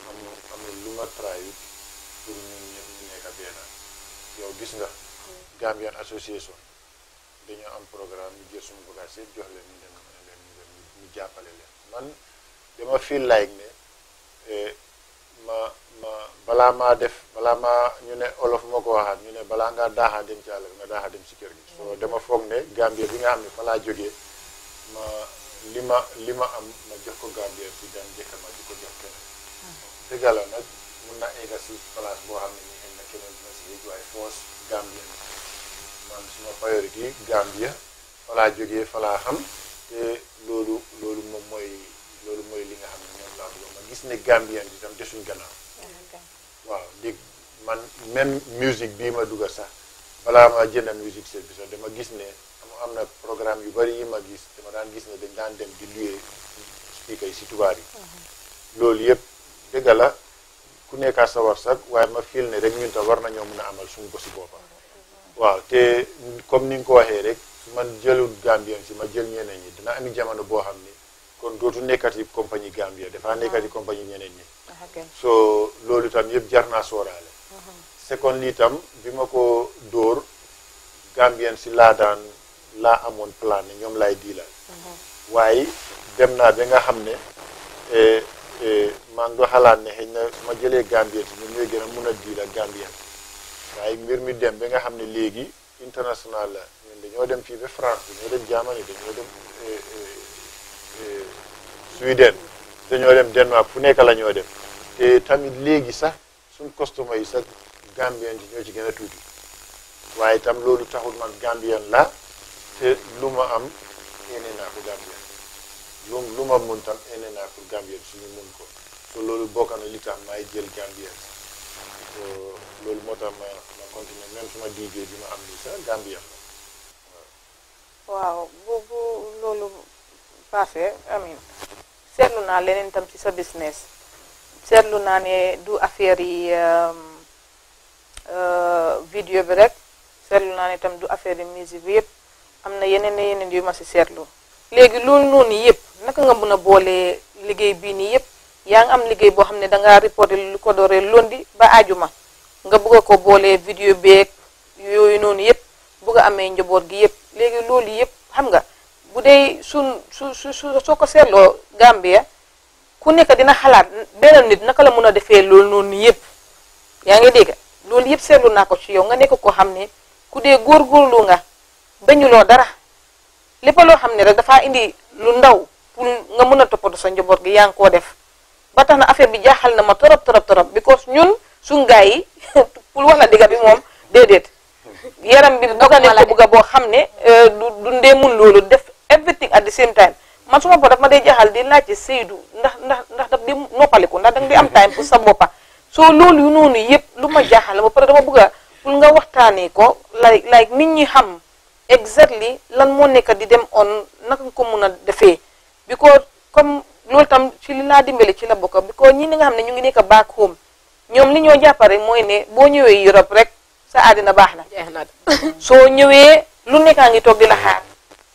amul amul lu ma traay pour ñun ñu nekk benn yow gis nga mhm. Gambian association dañoo am programme ñu jël suñu bagage yëpp jox leen ñu dem ñu jàppale leen man dama feel like ne eh, ma ma balaa maa def balaa maa ñu ne olof moo ko waxaat ñu ne balaa ngaa daaxaa dem ci àll bi nga daaxaa dem ci kër gi so dama foog ne Gambie bi nga xam ne falaa laa jógee ma li ma li ma am ma jox ko Gambie bi daan njëkk ma di ko jox keneen dëgg la nag mun na egga si place boo xam ne ni xëy na keneen dina si yëg waaye force Gambie man suma priorité Gambie fa laa jógee xam te loolu loolu moom mooy loolu mooy li nga xam ne moom laa bëgg ma gis ne Gambien bi tam desuñ gannaaw waaw dégg man même musique bii ma dugal sax
balaa ma jënd
musique service sax dama gis ne am na programme yu bari yi ma gis dama daan gis ne dañ daan dem di luye speaker yi si tubaab yi mhm. loolu yëpp dëgg la ku nekkaa sa war sax waaye ma fiil ne rek ñun tam war nañoo mën a amal suñu bosi boppam mhm. waaw te comme ni nga ko waxee rek man jëlul Gambien si ma jël ñeneen ñi dina ami jamono boo xam ni kon dootu nekkati compagnie Gambien dafaa nekkati compagnie ñeneen ñi. so loolu itam yëpp jar naa sóoraale. second lii itam bi ma ko dóor Gambien si laa daan laa amoon plan ne ñoom laay diilal. waaye dem naa ba nga xam ne
e, e, maa ngi xalaat ne xëy
na ma jëlee Gambien si ñoom ñooy gën a mun a diilal Gambien waaye mbir mi dem ba nga xam ne léegi international ñun dañoo dem fii ba France dañoo dem Germany dañoo dem eh, eh, eh, Sweden dañoo dem Denmark fu nekk lañoo dem te tamit léegi sax suñ customer yi sax Gambien yi ñoo ci gën a tuuti waaye tam loolu taxul man Gambien la te lu ma am ene naa ko Gambien lu ma mun tam ene naa ko Gambien suñu mun ko so loolu bokk li tax maay jël Gambien loolu moo tax ma ma continuer suma diigee bi ma am nii sax Gambien
waaw bu bu loolu passé amin seetlu naa leneen tam ci sa business seetlu naa ne du affaire yi euh, euh, vidéo bi rek seetlu naa ne tam du affaire yi musique bi yëpp am na yeneen yeneen yu ma si seetlu léegi loolu noonu yëpp naka nga mën a boolee liggéey bii nii yëpp yaa ngi am liggéey boo xam ne dangaa reporté lu ko dooree lundi ba ajuma nga bëgg ko boolee vidéo beeg yooyu noonu yëpp buga amé njobor gi yépp légui loolu yépp xam nga bu dé sun su su su soo ko seetloo Gambia ku nekk dina xalaat benn nit naka la mëna défé defee loolu noonu yëpp yaa ngi dégg loolu yépp sélu nako ci yow nga nekk ko ku dé gor gor lu nga lo dara lépp lo xamné rek dafa indi lu ndaw pour nga mëna a toppatoo sa njobor gi yang ko def ba tax na affaire bi jaaxal na ma torop torop torop because ñun sun gaay yi pour wala diga bi moom dedet yaram bi bëgg a nekk bëgg boo xam ne euh, du ndee mun loolu def everything at the same time man suma bopp daf ma day jaxal di laajte Seydou ndax ndax ndax daf di noppaliku ndax danga di am time pour sa soo loolu yu noonu yëpp lu ma jaaxal ba pare dama bëgg a pour nga waxtaanee ko like like nit ñi xam exactly lan moo nekk di dem on naka ko mun a defee because comme loolu tam ci li laa dimbale ci la bokk because ñi nga xam ne ñu ngi nekk back home ñoom li ñoo jàppare mooy ne boo ñëwee Europe rek sa àddina baax na jeex na soo ñëwee lu nekkaa ngi toog di la xaar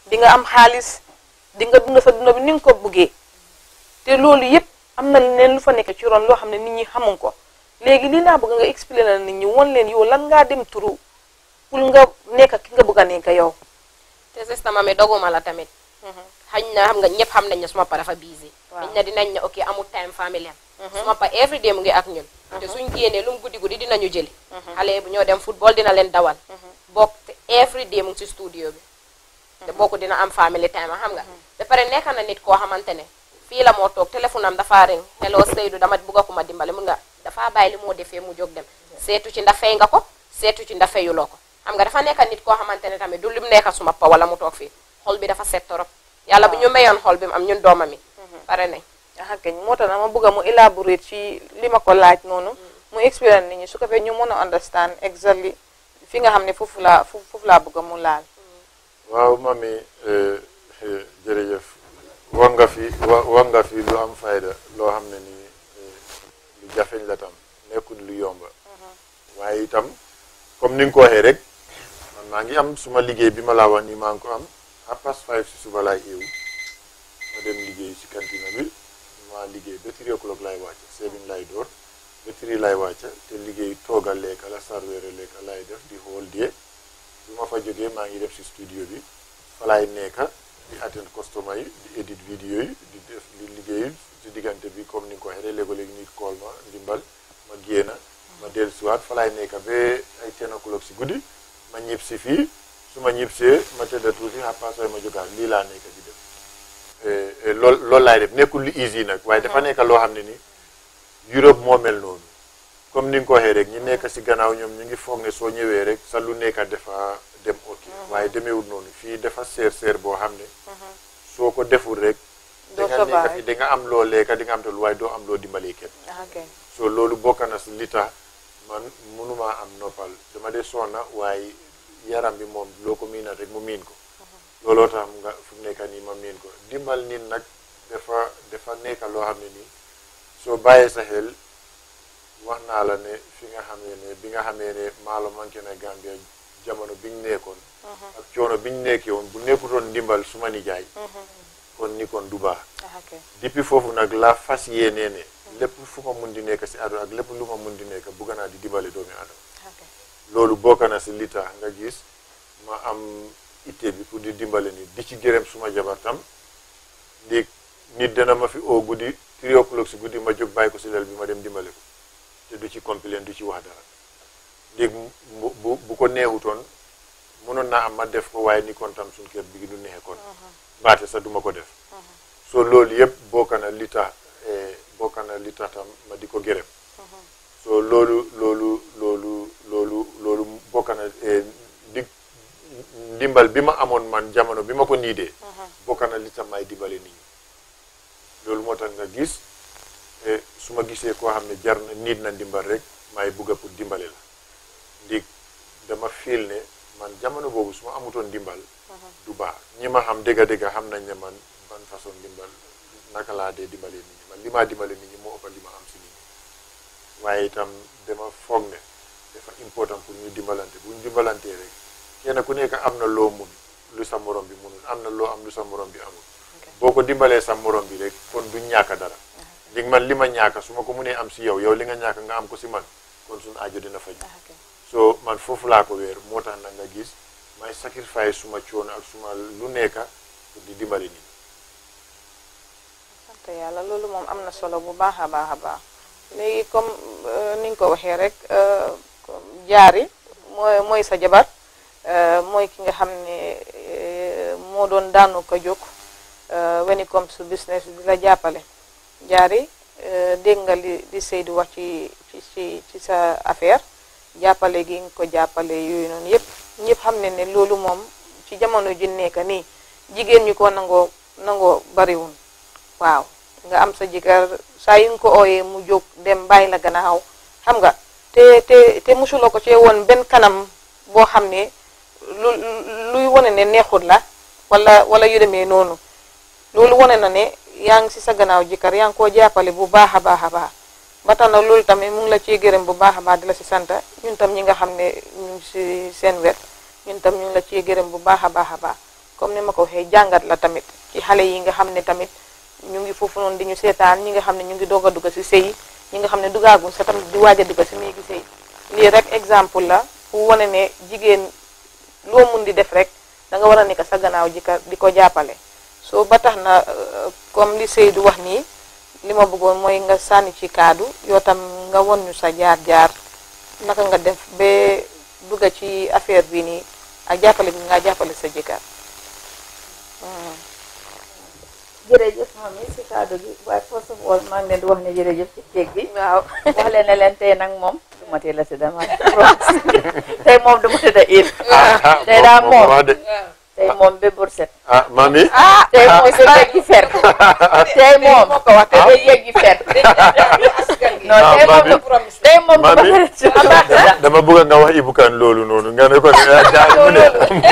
di nga am xaalis di nga dund sa dund bi ni ko buggee te loolu yépp am na leen lu fa nekk ci ron loo xam ne nit ñi xamuñ ko léegi lii laa bëgg nga expliquer la nit ñi won leen yow lan ngaa dem turu pour nga nekk ki nga bëgg a nekk yow. te sista
Mami doguma la tamit. Mhm. xañ na xam nga ñëpp xam nañ ne suma pare dafa busy. xañ na dinañ ne ok amul time famille suma pa everyday mu ngi ak ñun te suñ génnee lu mu guddi guddi dinañu jëli xale bu ñoo dem football dina leen dawal bokk te everyday mu si studio bi te dina am family time ne fii la moo toog téléphone am dafa ring hello a ko ma dimbale mun nga dafa bàyyi li moo defee mu jóg dem seetu ci ndax fay nga ko seetu ci ndax fayuloo ko xam nga dafa nekk nit koo xamante ne tamit du lim nekk suma pa wala mu toog fii xol bi dafa set torop yàlla bu ñu mayoon xol bi am ñun doomam
moo tax nag ma bëgg a mu élaborer ci li ma ko laaj noonu. Mm. mu expliquer ni ñi su ko fee ñu mën a understand exactly fi nga xam ne foofu laa foofu laa bëgg a mu laal.
waaw mami eh, eh, jërëjëf wax nga fi nga fi lu am fayda loo xam ne nii eh, lu jafeñ la tam nekkul lu yomba mm-hmm. waaye itam comme ni nga ko waxee rek maa ngi am suma liggéey bi ma laa wax nii maa ngi ko am à pass five si suba laay eewu ma dem liggéey si kantina bi. damaa liggéey ba three o'clock laay wàcce seven laay door ba three laay wàcce te liggéey toogal lekka la sarweere lekka laay def di whole day bu ma fa jógee maa ngi def si studio bi
fa laay nekka
di attend customer yi di edit vidéo yi di def li liggéey si diggante bi comme ni nga ko waxee léegi nit kool ma ndimbal ma génna ma dellusiwaat fa laay nekka ba ay ten o'clock si guddi ma ñibb si fii su ma ñibb see ma tëdda tuuti xappaasooy ma jógaat lii laa nekka di def Eh, eh, lool loolu laay def nekkul lu easy nag waaye dafa mhm. nekk loo xam ne ni Europe moo mel noonu comme ni nga ko waxee rek ñi nekk si gannaaw ñoom ñu ngi foog ne soo ñëwee rek sa lu nekk dafa dem ok mhm. waaye demeewul noonu fii dafa seer seer boo xam ne mhm. soo ko deful rek danga nga fi da am loo lekka di nga am te waaye doo am loo dimbalee kenn so loolu bokk na si li tax man mënumaa am noppal dama dee sonna waaye yaram bi moom loo ko miinal rek mu miin ko looloo tax nga fu mu nekk nii ma miin ko dimbal nit nag dafa dafa nekk loo xam ne nii soo bàyyee sa xel wax naa la ne fi nga xamee ne bi nga xamee ne maalo manqué na Gambia jamono bi nekkoon. Mhm. ak coono bi nekkee woon bu nekkutoon ndimbal ma nijaay. Mhm. kon ni kon du baax. Ah, depuis foofu nag la fas nee ne. lépp fu ma mun di nekk si àdduna ak lépp lu ma mun di nekk bugga naa di dimbale doomi aadama. Ah, loolu bokk na si li nga gis ma am. ittee bi pour di dimbale nit di ci gërëm suma jabar tam léegi nit dana ma fi oo guddi three o'clock si guddi ma jóg bàyyi ko si lal bi ma dem dimbale ko te du ci complain du ci wax dara léegi bu bu ko neexutoon mënoon naa am ma def ko waaye ni tam suñ kër bi du neexee kon uh-huh. baate sax duma ko def uh-huh. so loolu yëpp bokk na li tax eh, bokk na di ko gërëm uh-huh. loolu loolu loolu loolu loolu bokk na eh, ndimbal bima amon man jamono bima ko nidé bokana li tax may dimbale nit ñi nga gis e suma gisé ko xamné ne jar na dimbal, na ndimbal rek may bugga pour dimbalé la ndik dama fil ne man jamono bobu suma ma ndimbal du ba ñi ma xam dega dega xam nañ né man ban façon ndimbal naka la dé dimbalé ni man lima dimbalé ni mo lima am ci ni ñi tam dama foog ne dafa important pour ñu dimbalante bu ñu dimbalanté rek kenn ku nekk am na loo mun lu sa morom bi munul am na loo am lu sa morom bi amul boo ko sa morom bi rek kon du ñàkk dara li man li ma suma su ma ko munee am si yow yow li nga ñàkk nga am ko si man kon sun aajo dina faj ah, so man foofu laa ko weer moo tax nga gis may sacrifice suma coono ak suma lu nekk di dimbali nit
sant yàlla loolu moom am na solo bu baax a baax a baax léegi comme euh, ni nga ko waxee rek euh, jaari mooy mooy sa jabar Euh, mooy ki nga xam ne euh, moo doon daanoo ko jóg euh, when it comes business di la jàppale jaari dégg nga li di Seydou wax ci ci ci sa affaire jàppale gi nga ko jàppale yooyu noonu yëpp ñëpp xam ne ne loolu moom ci jamono ji nekk nii jigéen ñi ko nangoo nangoo bariwul waaw nga am sa jëkkër saa yu nga ko ooyee mu jóg dem bàyyi la gannaaw xam nga te te te musuloo ko cee woon benn kanam boo xam ne lu luy wane ne neexul la wala wala yu demee noonu loolu wane na ne yaa ngi si sa gannaaw jëkkër yaa ngi koo jàppale bu baax baax a baax ba tax na loolu tamit mu la ciy gërëm bu baax a baax di la si sant ñun tam ñi nga xam ne ñu si seen ñun tam ñu ngi la ciy gërëm bu baax a baax a baax comme ni ma ko waxee jàngat la tamit ci xale yi nga xam ne tamit ñu ngi foofu noonu di ñu seetaan ñi nga xam ne ñu ngi doog a ci si sëy ñi nga xam ne dugaaguñ sa tamit di waaj a dugg si néegi sëy lii rek exemple la pour wane ne jigéen loo mun di def rek danga war a nekk sa gannaaw ji di ko jàppale soo ba tax na euh, comme li Seydou wax nii li ma bëggoon mooy nga sànni ci kaadu yoo tam nga won ñu sa jaar-jaar naka nga def ba dugg ci affaire bi nii ak jàppale bi nga jàppale sa jëkkër hmm.
jërëjëf moom mi si kàddu gi waaye first of all maa ngi leen di wax ne jërëjëf ci ceeg bi waaw wax leen ne tey nag moom du ma teel a si dama tey moom du ma teel a it ah, ah, tey daal moom tey moom be
ah mami ah tey moom sa yeggi
fer tey moom ko wax te ba yeggi fer non tey moom be promise tey moom mami
dama bëgg nga wax Ibou Kane loolu noonu nga ne ko daa mu ne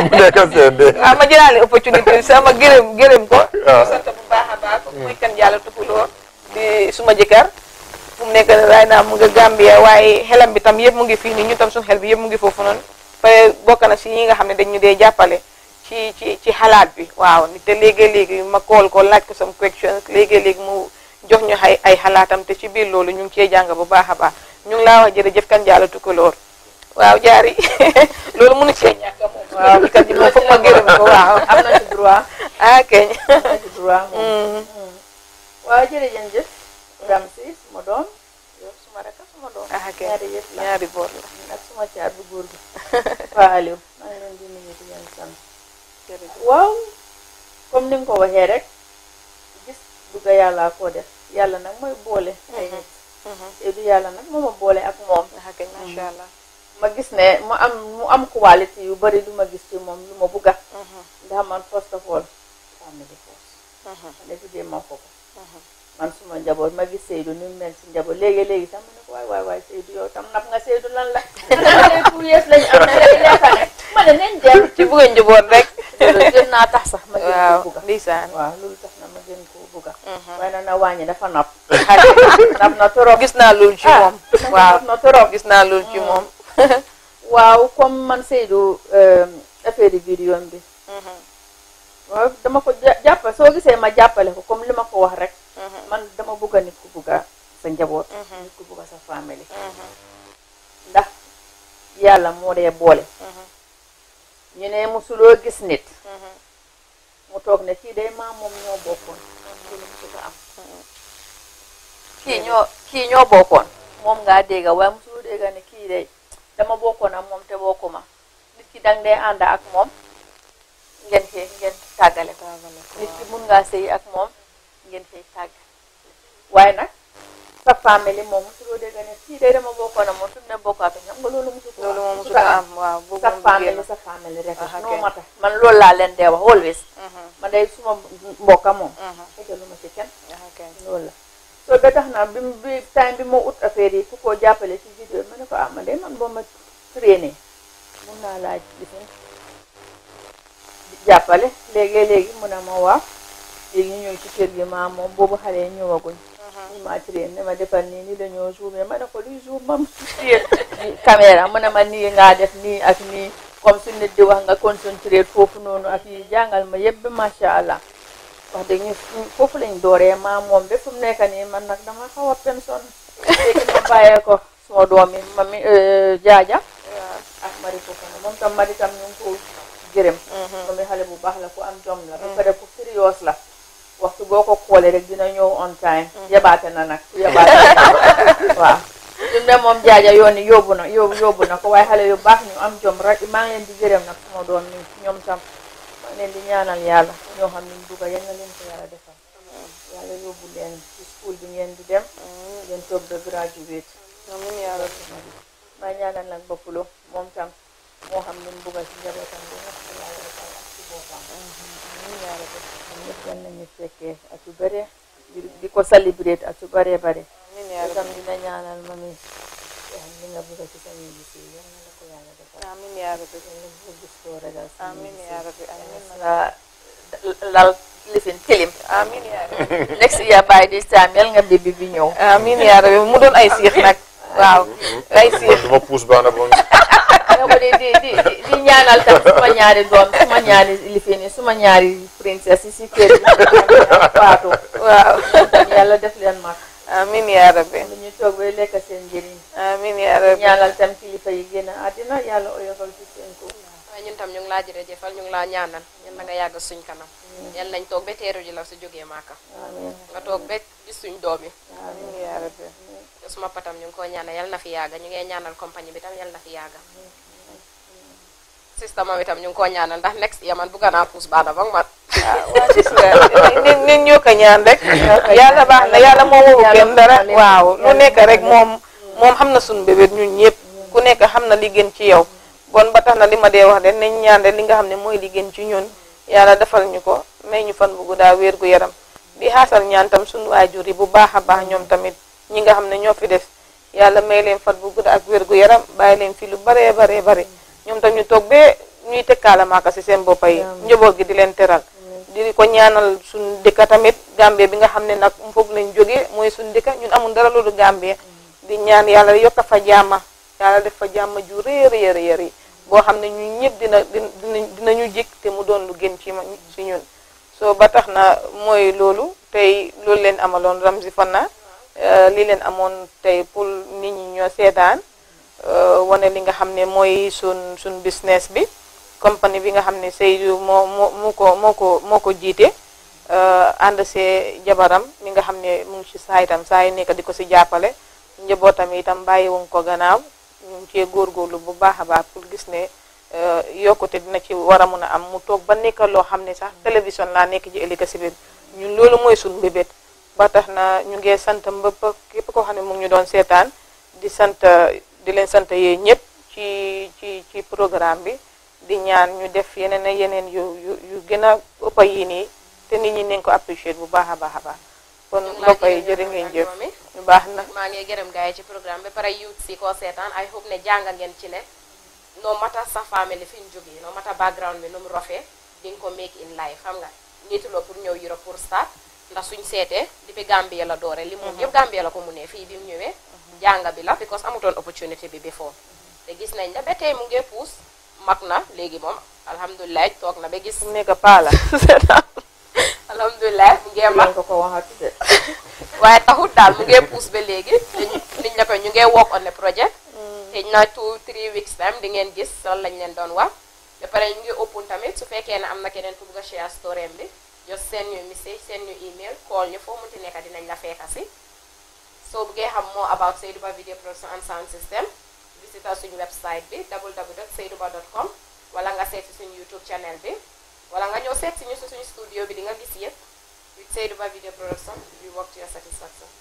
mu nekk seen de
ah ma jëlaale opportunité sama gërëm gërëm ko
sant bu baax
a muy kan yàlla tukulóor di suma jëkkër fu mu nekk raay mu nga Gambia waaye xelam bi tam yëpp mu ngi fii nii ñu tam suñu xel bi yëpp mu ngi foofu noonu bokk na nga dañ ñu ci ci ci xalaat bi waaw nit te léegi-léegi ma kool ko laaj ko some questions léegi-léegi mu jox ñu ay ay xalaatam te ci biir loolu ñu ngi cee jàng bu baax a baax ñu la laa wax jërëjëf kan jaala tukulóor waaw jaari loolu mënu cee ñàkk moom waaw kat ji moom foog ma gërëm ko waaw am na ci droit ah keñ am mm-hmm. Mm-hmm.
Ah, góor waaw comme ni ko waxee rek gis dugga koo def yàlla nag mooy boole ay mm-hmm. Mm-hmm. yàlla nag moo ma boole ak moom mm-hmm. ma gis ne mu am mu am qualité yu bari du ma gis ci moom lu ma bugga ndax man first of all family first ne tuddee man ko man suma njaboot ma gis Seydou ni mu mel si njaboot léegi léegi sax ma ne ko waay waay waay Seydou yow tam nap nga Seydou lan la pour yees lañu am na léegi leeka ne ma ne nañ dellu ci bëgg a rek. loolu gën naa tax sax ma gën koo
bëgg waaw loolu tax na ma gën koo bëgg a. Mhm.
waaye na wàññi dafa nopp. nopp na trop gis naa loolu ci moom. Ah, waaw nopp na gis naa loolu ci moom. waaw comme man Seydou euh, affaire vidéo bi. Mhm. waaw dama ko jàppale soo gisee ma jàppale ko comme li ma ko wax rek. Mhm. man dama bëgg a nit ku bëgg a sa njaboot. nit ku bëgg sa famille. ndax yàlla moo dee boole. ñu ne mosuloo gis nit mhm. mu toog ne kii day maam moom ñoo bokkoon ci ko am kii mhm. ñoo kii ñoo moom ngaa dégga waaye mosuloo dégga ne kii day dama bokkoon a moom te bokkuma nit ki dang day ànd ak moom ngeen xëy ngeen tàggale nit ki mun ngaa sëy ak moom ngeen xëy tàggale waaye nag sa famille moom mosuloo dégg ne fii dama bokkoon a moom suñu ne bokkaat xam nga moom mosu ko sa famille sa famille rek noo mata man loolu laa leen dee wax always mhm. man day suma mbokka moom mhm. lu ma tax na bi bi time bi moo ut affaire yi ku koo jàppale ci vidéo ma ne ko ah man man boo ma traîné mun naa laa gisin jàppale léegi léegi mun a ma waaw léegi ñëw ci kër gi ma moom boobu xale yi ñëwaguñ matériel ne ma defal nii ni dañoo zoom ma ne ko luy zoom mam suufee caméra mu ne ma nii ngaa def nii ak nii comme su nit wax nga concentré foofu noonu ak yi jàngal ma yëpp macha allah wax dëgg ñu foofu lañ dooree maa moom ba fu mu nekk nii man nag dama xaw a pension léegi ma bàyyee ko suma doom yi euh, jaaja ak mari foofu na moom tam mari tam ñu ngi ko gërëm moom mm-hmm. xale bu baax la ku am jom la ba mm. pare ku furios la waxtu boo ko xoolee rek dina ñëw on time. Mhm. yabaate na nag yabaate na waaw. ñun de moom jaaja yoon yi yóbbu na yóbbu yóbbu na ko waaye xale yu baax ñu am jom rek maa ngi di gërëm nag sama doom ñoom tam leen di ñaanal yàlla ñoo xam ne ñu bugg a yal na leen ko yàlla defal. yàlla yóbbu leen ci school bi ngeen di dem. ngeen toog de graduate. amiin yàlla maa ñaanal nag boppuloo moom tam moo xam ne mu ci njabootam bi yàlla defal ak yàlla defal. ñëpp yal nañu fekkee atu
Amin di ko célébrer atu bëree Amin itam dina ñaanal ma mi
Amin nga bëgg ci sa ñibbisi Amin na la ko yàlla defal Amin
yaa rabbi nga Amin koo ragal amiin yaa rabbi amiin la lal lifin tilim amiin yaa rabbi next year by this time yal nga bébé bi ñëw Amin yaa rabbi mu doon ay Amin nag waaw ay siix
duma Amin baana bon
nga ko di di di di ñaanal ñaari si kër yi def leen mag amin lu ñu toog bay seen njëriñ amin yaa rabbi ñaanal tam yi génn àddina yàlla
ñun tam ñu ngi laa jërëjëfal ñu ngi laa ñaanal ñen nga yàgg suñ kanam yal nañ toog ba la su jógee maaka nga toog suñ doom yi suma ñu ngi ko ñaanal yal na fi yàgga ñu ngi ñaanal compagnie bi tam yal na fi yàgga sista moom itam ñu ngi ko ñaanal ndax next year
man bugg naa puus baana ba man. Ah, waaw ñaan rek. yàlla baax na yàlla moo waru kenn dara waaw lu nekk rek moom moom xam na suñ bébét ñun ñëpp ku nekk xam na li gën ci yow bon ba na li ma dee wax de nañ ñaan de li nga xam ne mooy li gën ci ñun yàlla defal ñu ko may ñu fan bu guddaa wér gu yaram di xaasal ñaan tam suñu waajur yi bu baax a baax ñoom tamit ñi nga xam ne ñoo fi des yàlla may leen fan bu guddaa ak wér gu yaram bàyyi leen fi lu baree baree bare ñoom tam ñu toog bee ñuy tekkaala maaka si seen boppa yi njaboot gi di leen teral di ko ñaanal suñ dëkka tamit gàmbee bi nga xam ne nag foofu lañ jóge mooy suñ dëkka ñun amul dara loolu gàmbee mm. di ñaan yàlla yokka fa jàmma yàlla def fa jàmma ju réer réer réer yi boo xam ne ñun ñëpp dina dina dinañu jik te mu doon lu gën ci ci ñun soo ba tax na mooy loolu tey loolu leen amaloon Ramzy Fonna eh, lii leen amoon tey pour nit ñi ñoo seetaan Euh, wane li nga xam ne mooy sun sun business bi compagnie bi nga xam ne Seydou moo moo moo ko moo ko moo ko jiite euh, ànd see jabaram mi nga xam ne mu ngi ci saa itam saa yi nekk di ko si jàppale njabootam itam bàyyi wuñ ko gannaaw ñu ngi cee góorgóorlu bu baax a baax pour gis ne euh, yokkute dina ci war a mun a am mu toog ba nekk loo xam ne sax télévision laa nekk ci ëllëg si biir ñun loolu mooy suñu mbébét tax na ñu ngi sant képp koo xam ne mu ngi ñu doon seetaan di sant. di leen sant yee ñëpp ci ci ci programme bi di ñaan ñu def yeneen a yeneen yu yu yu gën a ëpp yi nii te nit ñi nañ ko apprécier bu baax a baax a baax kon mbokk yi jërë ngeen jëf
ñu baax na maa ngi gërëm gars yi ci programme bi pare youth si ko seetaan ay hope ne jànga ngeen ci ne noo mata sa famille fi ñu jógee noo mata background bi nu mu rofee di ko make in life xam nga niituloo pour ñëw Europe pour start ndax suñ seetee depuis Gambie la doore li moom mhm. yëpp Gambie la ko mu ne fii bi ñëwee jàng bi la because amutoon opportunity bi before te gis nañ la ba tey mu ngi puus mag na léegi moom alhamdulilah toog na ba gis mu nekk paala alhamdulilah mu ngi mag ko waxati waaye taxut daal mu ngi puus ba léegi liñ la ko ñu ngi work on the projet mm. te na two three weeks time di ngeen gis loolu lañ leen doon wax ba pare ñu ngi open tamit su fekkee ne am na keneen ku bëgg a share story bi just seen ñu message seen ñu email call ñu foo munti la fekka si soo bëggee xam moo about Seydou Ba video production and sound system visital suñu website bi www.seydouba.com wala nga seeti suñu YouTube channel bi
wala nga ñëw seet si ñu si suñu studio bi di nga gis yëpp with Seydou Ba video production we work your satisfaction.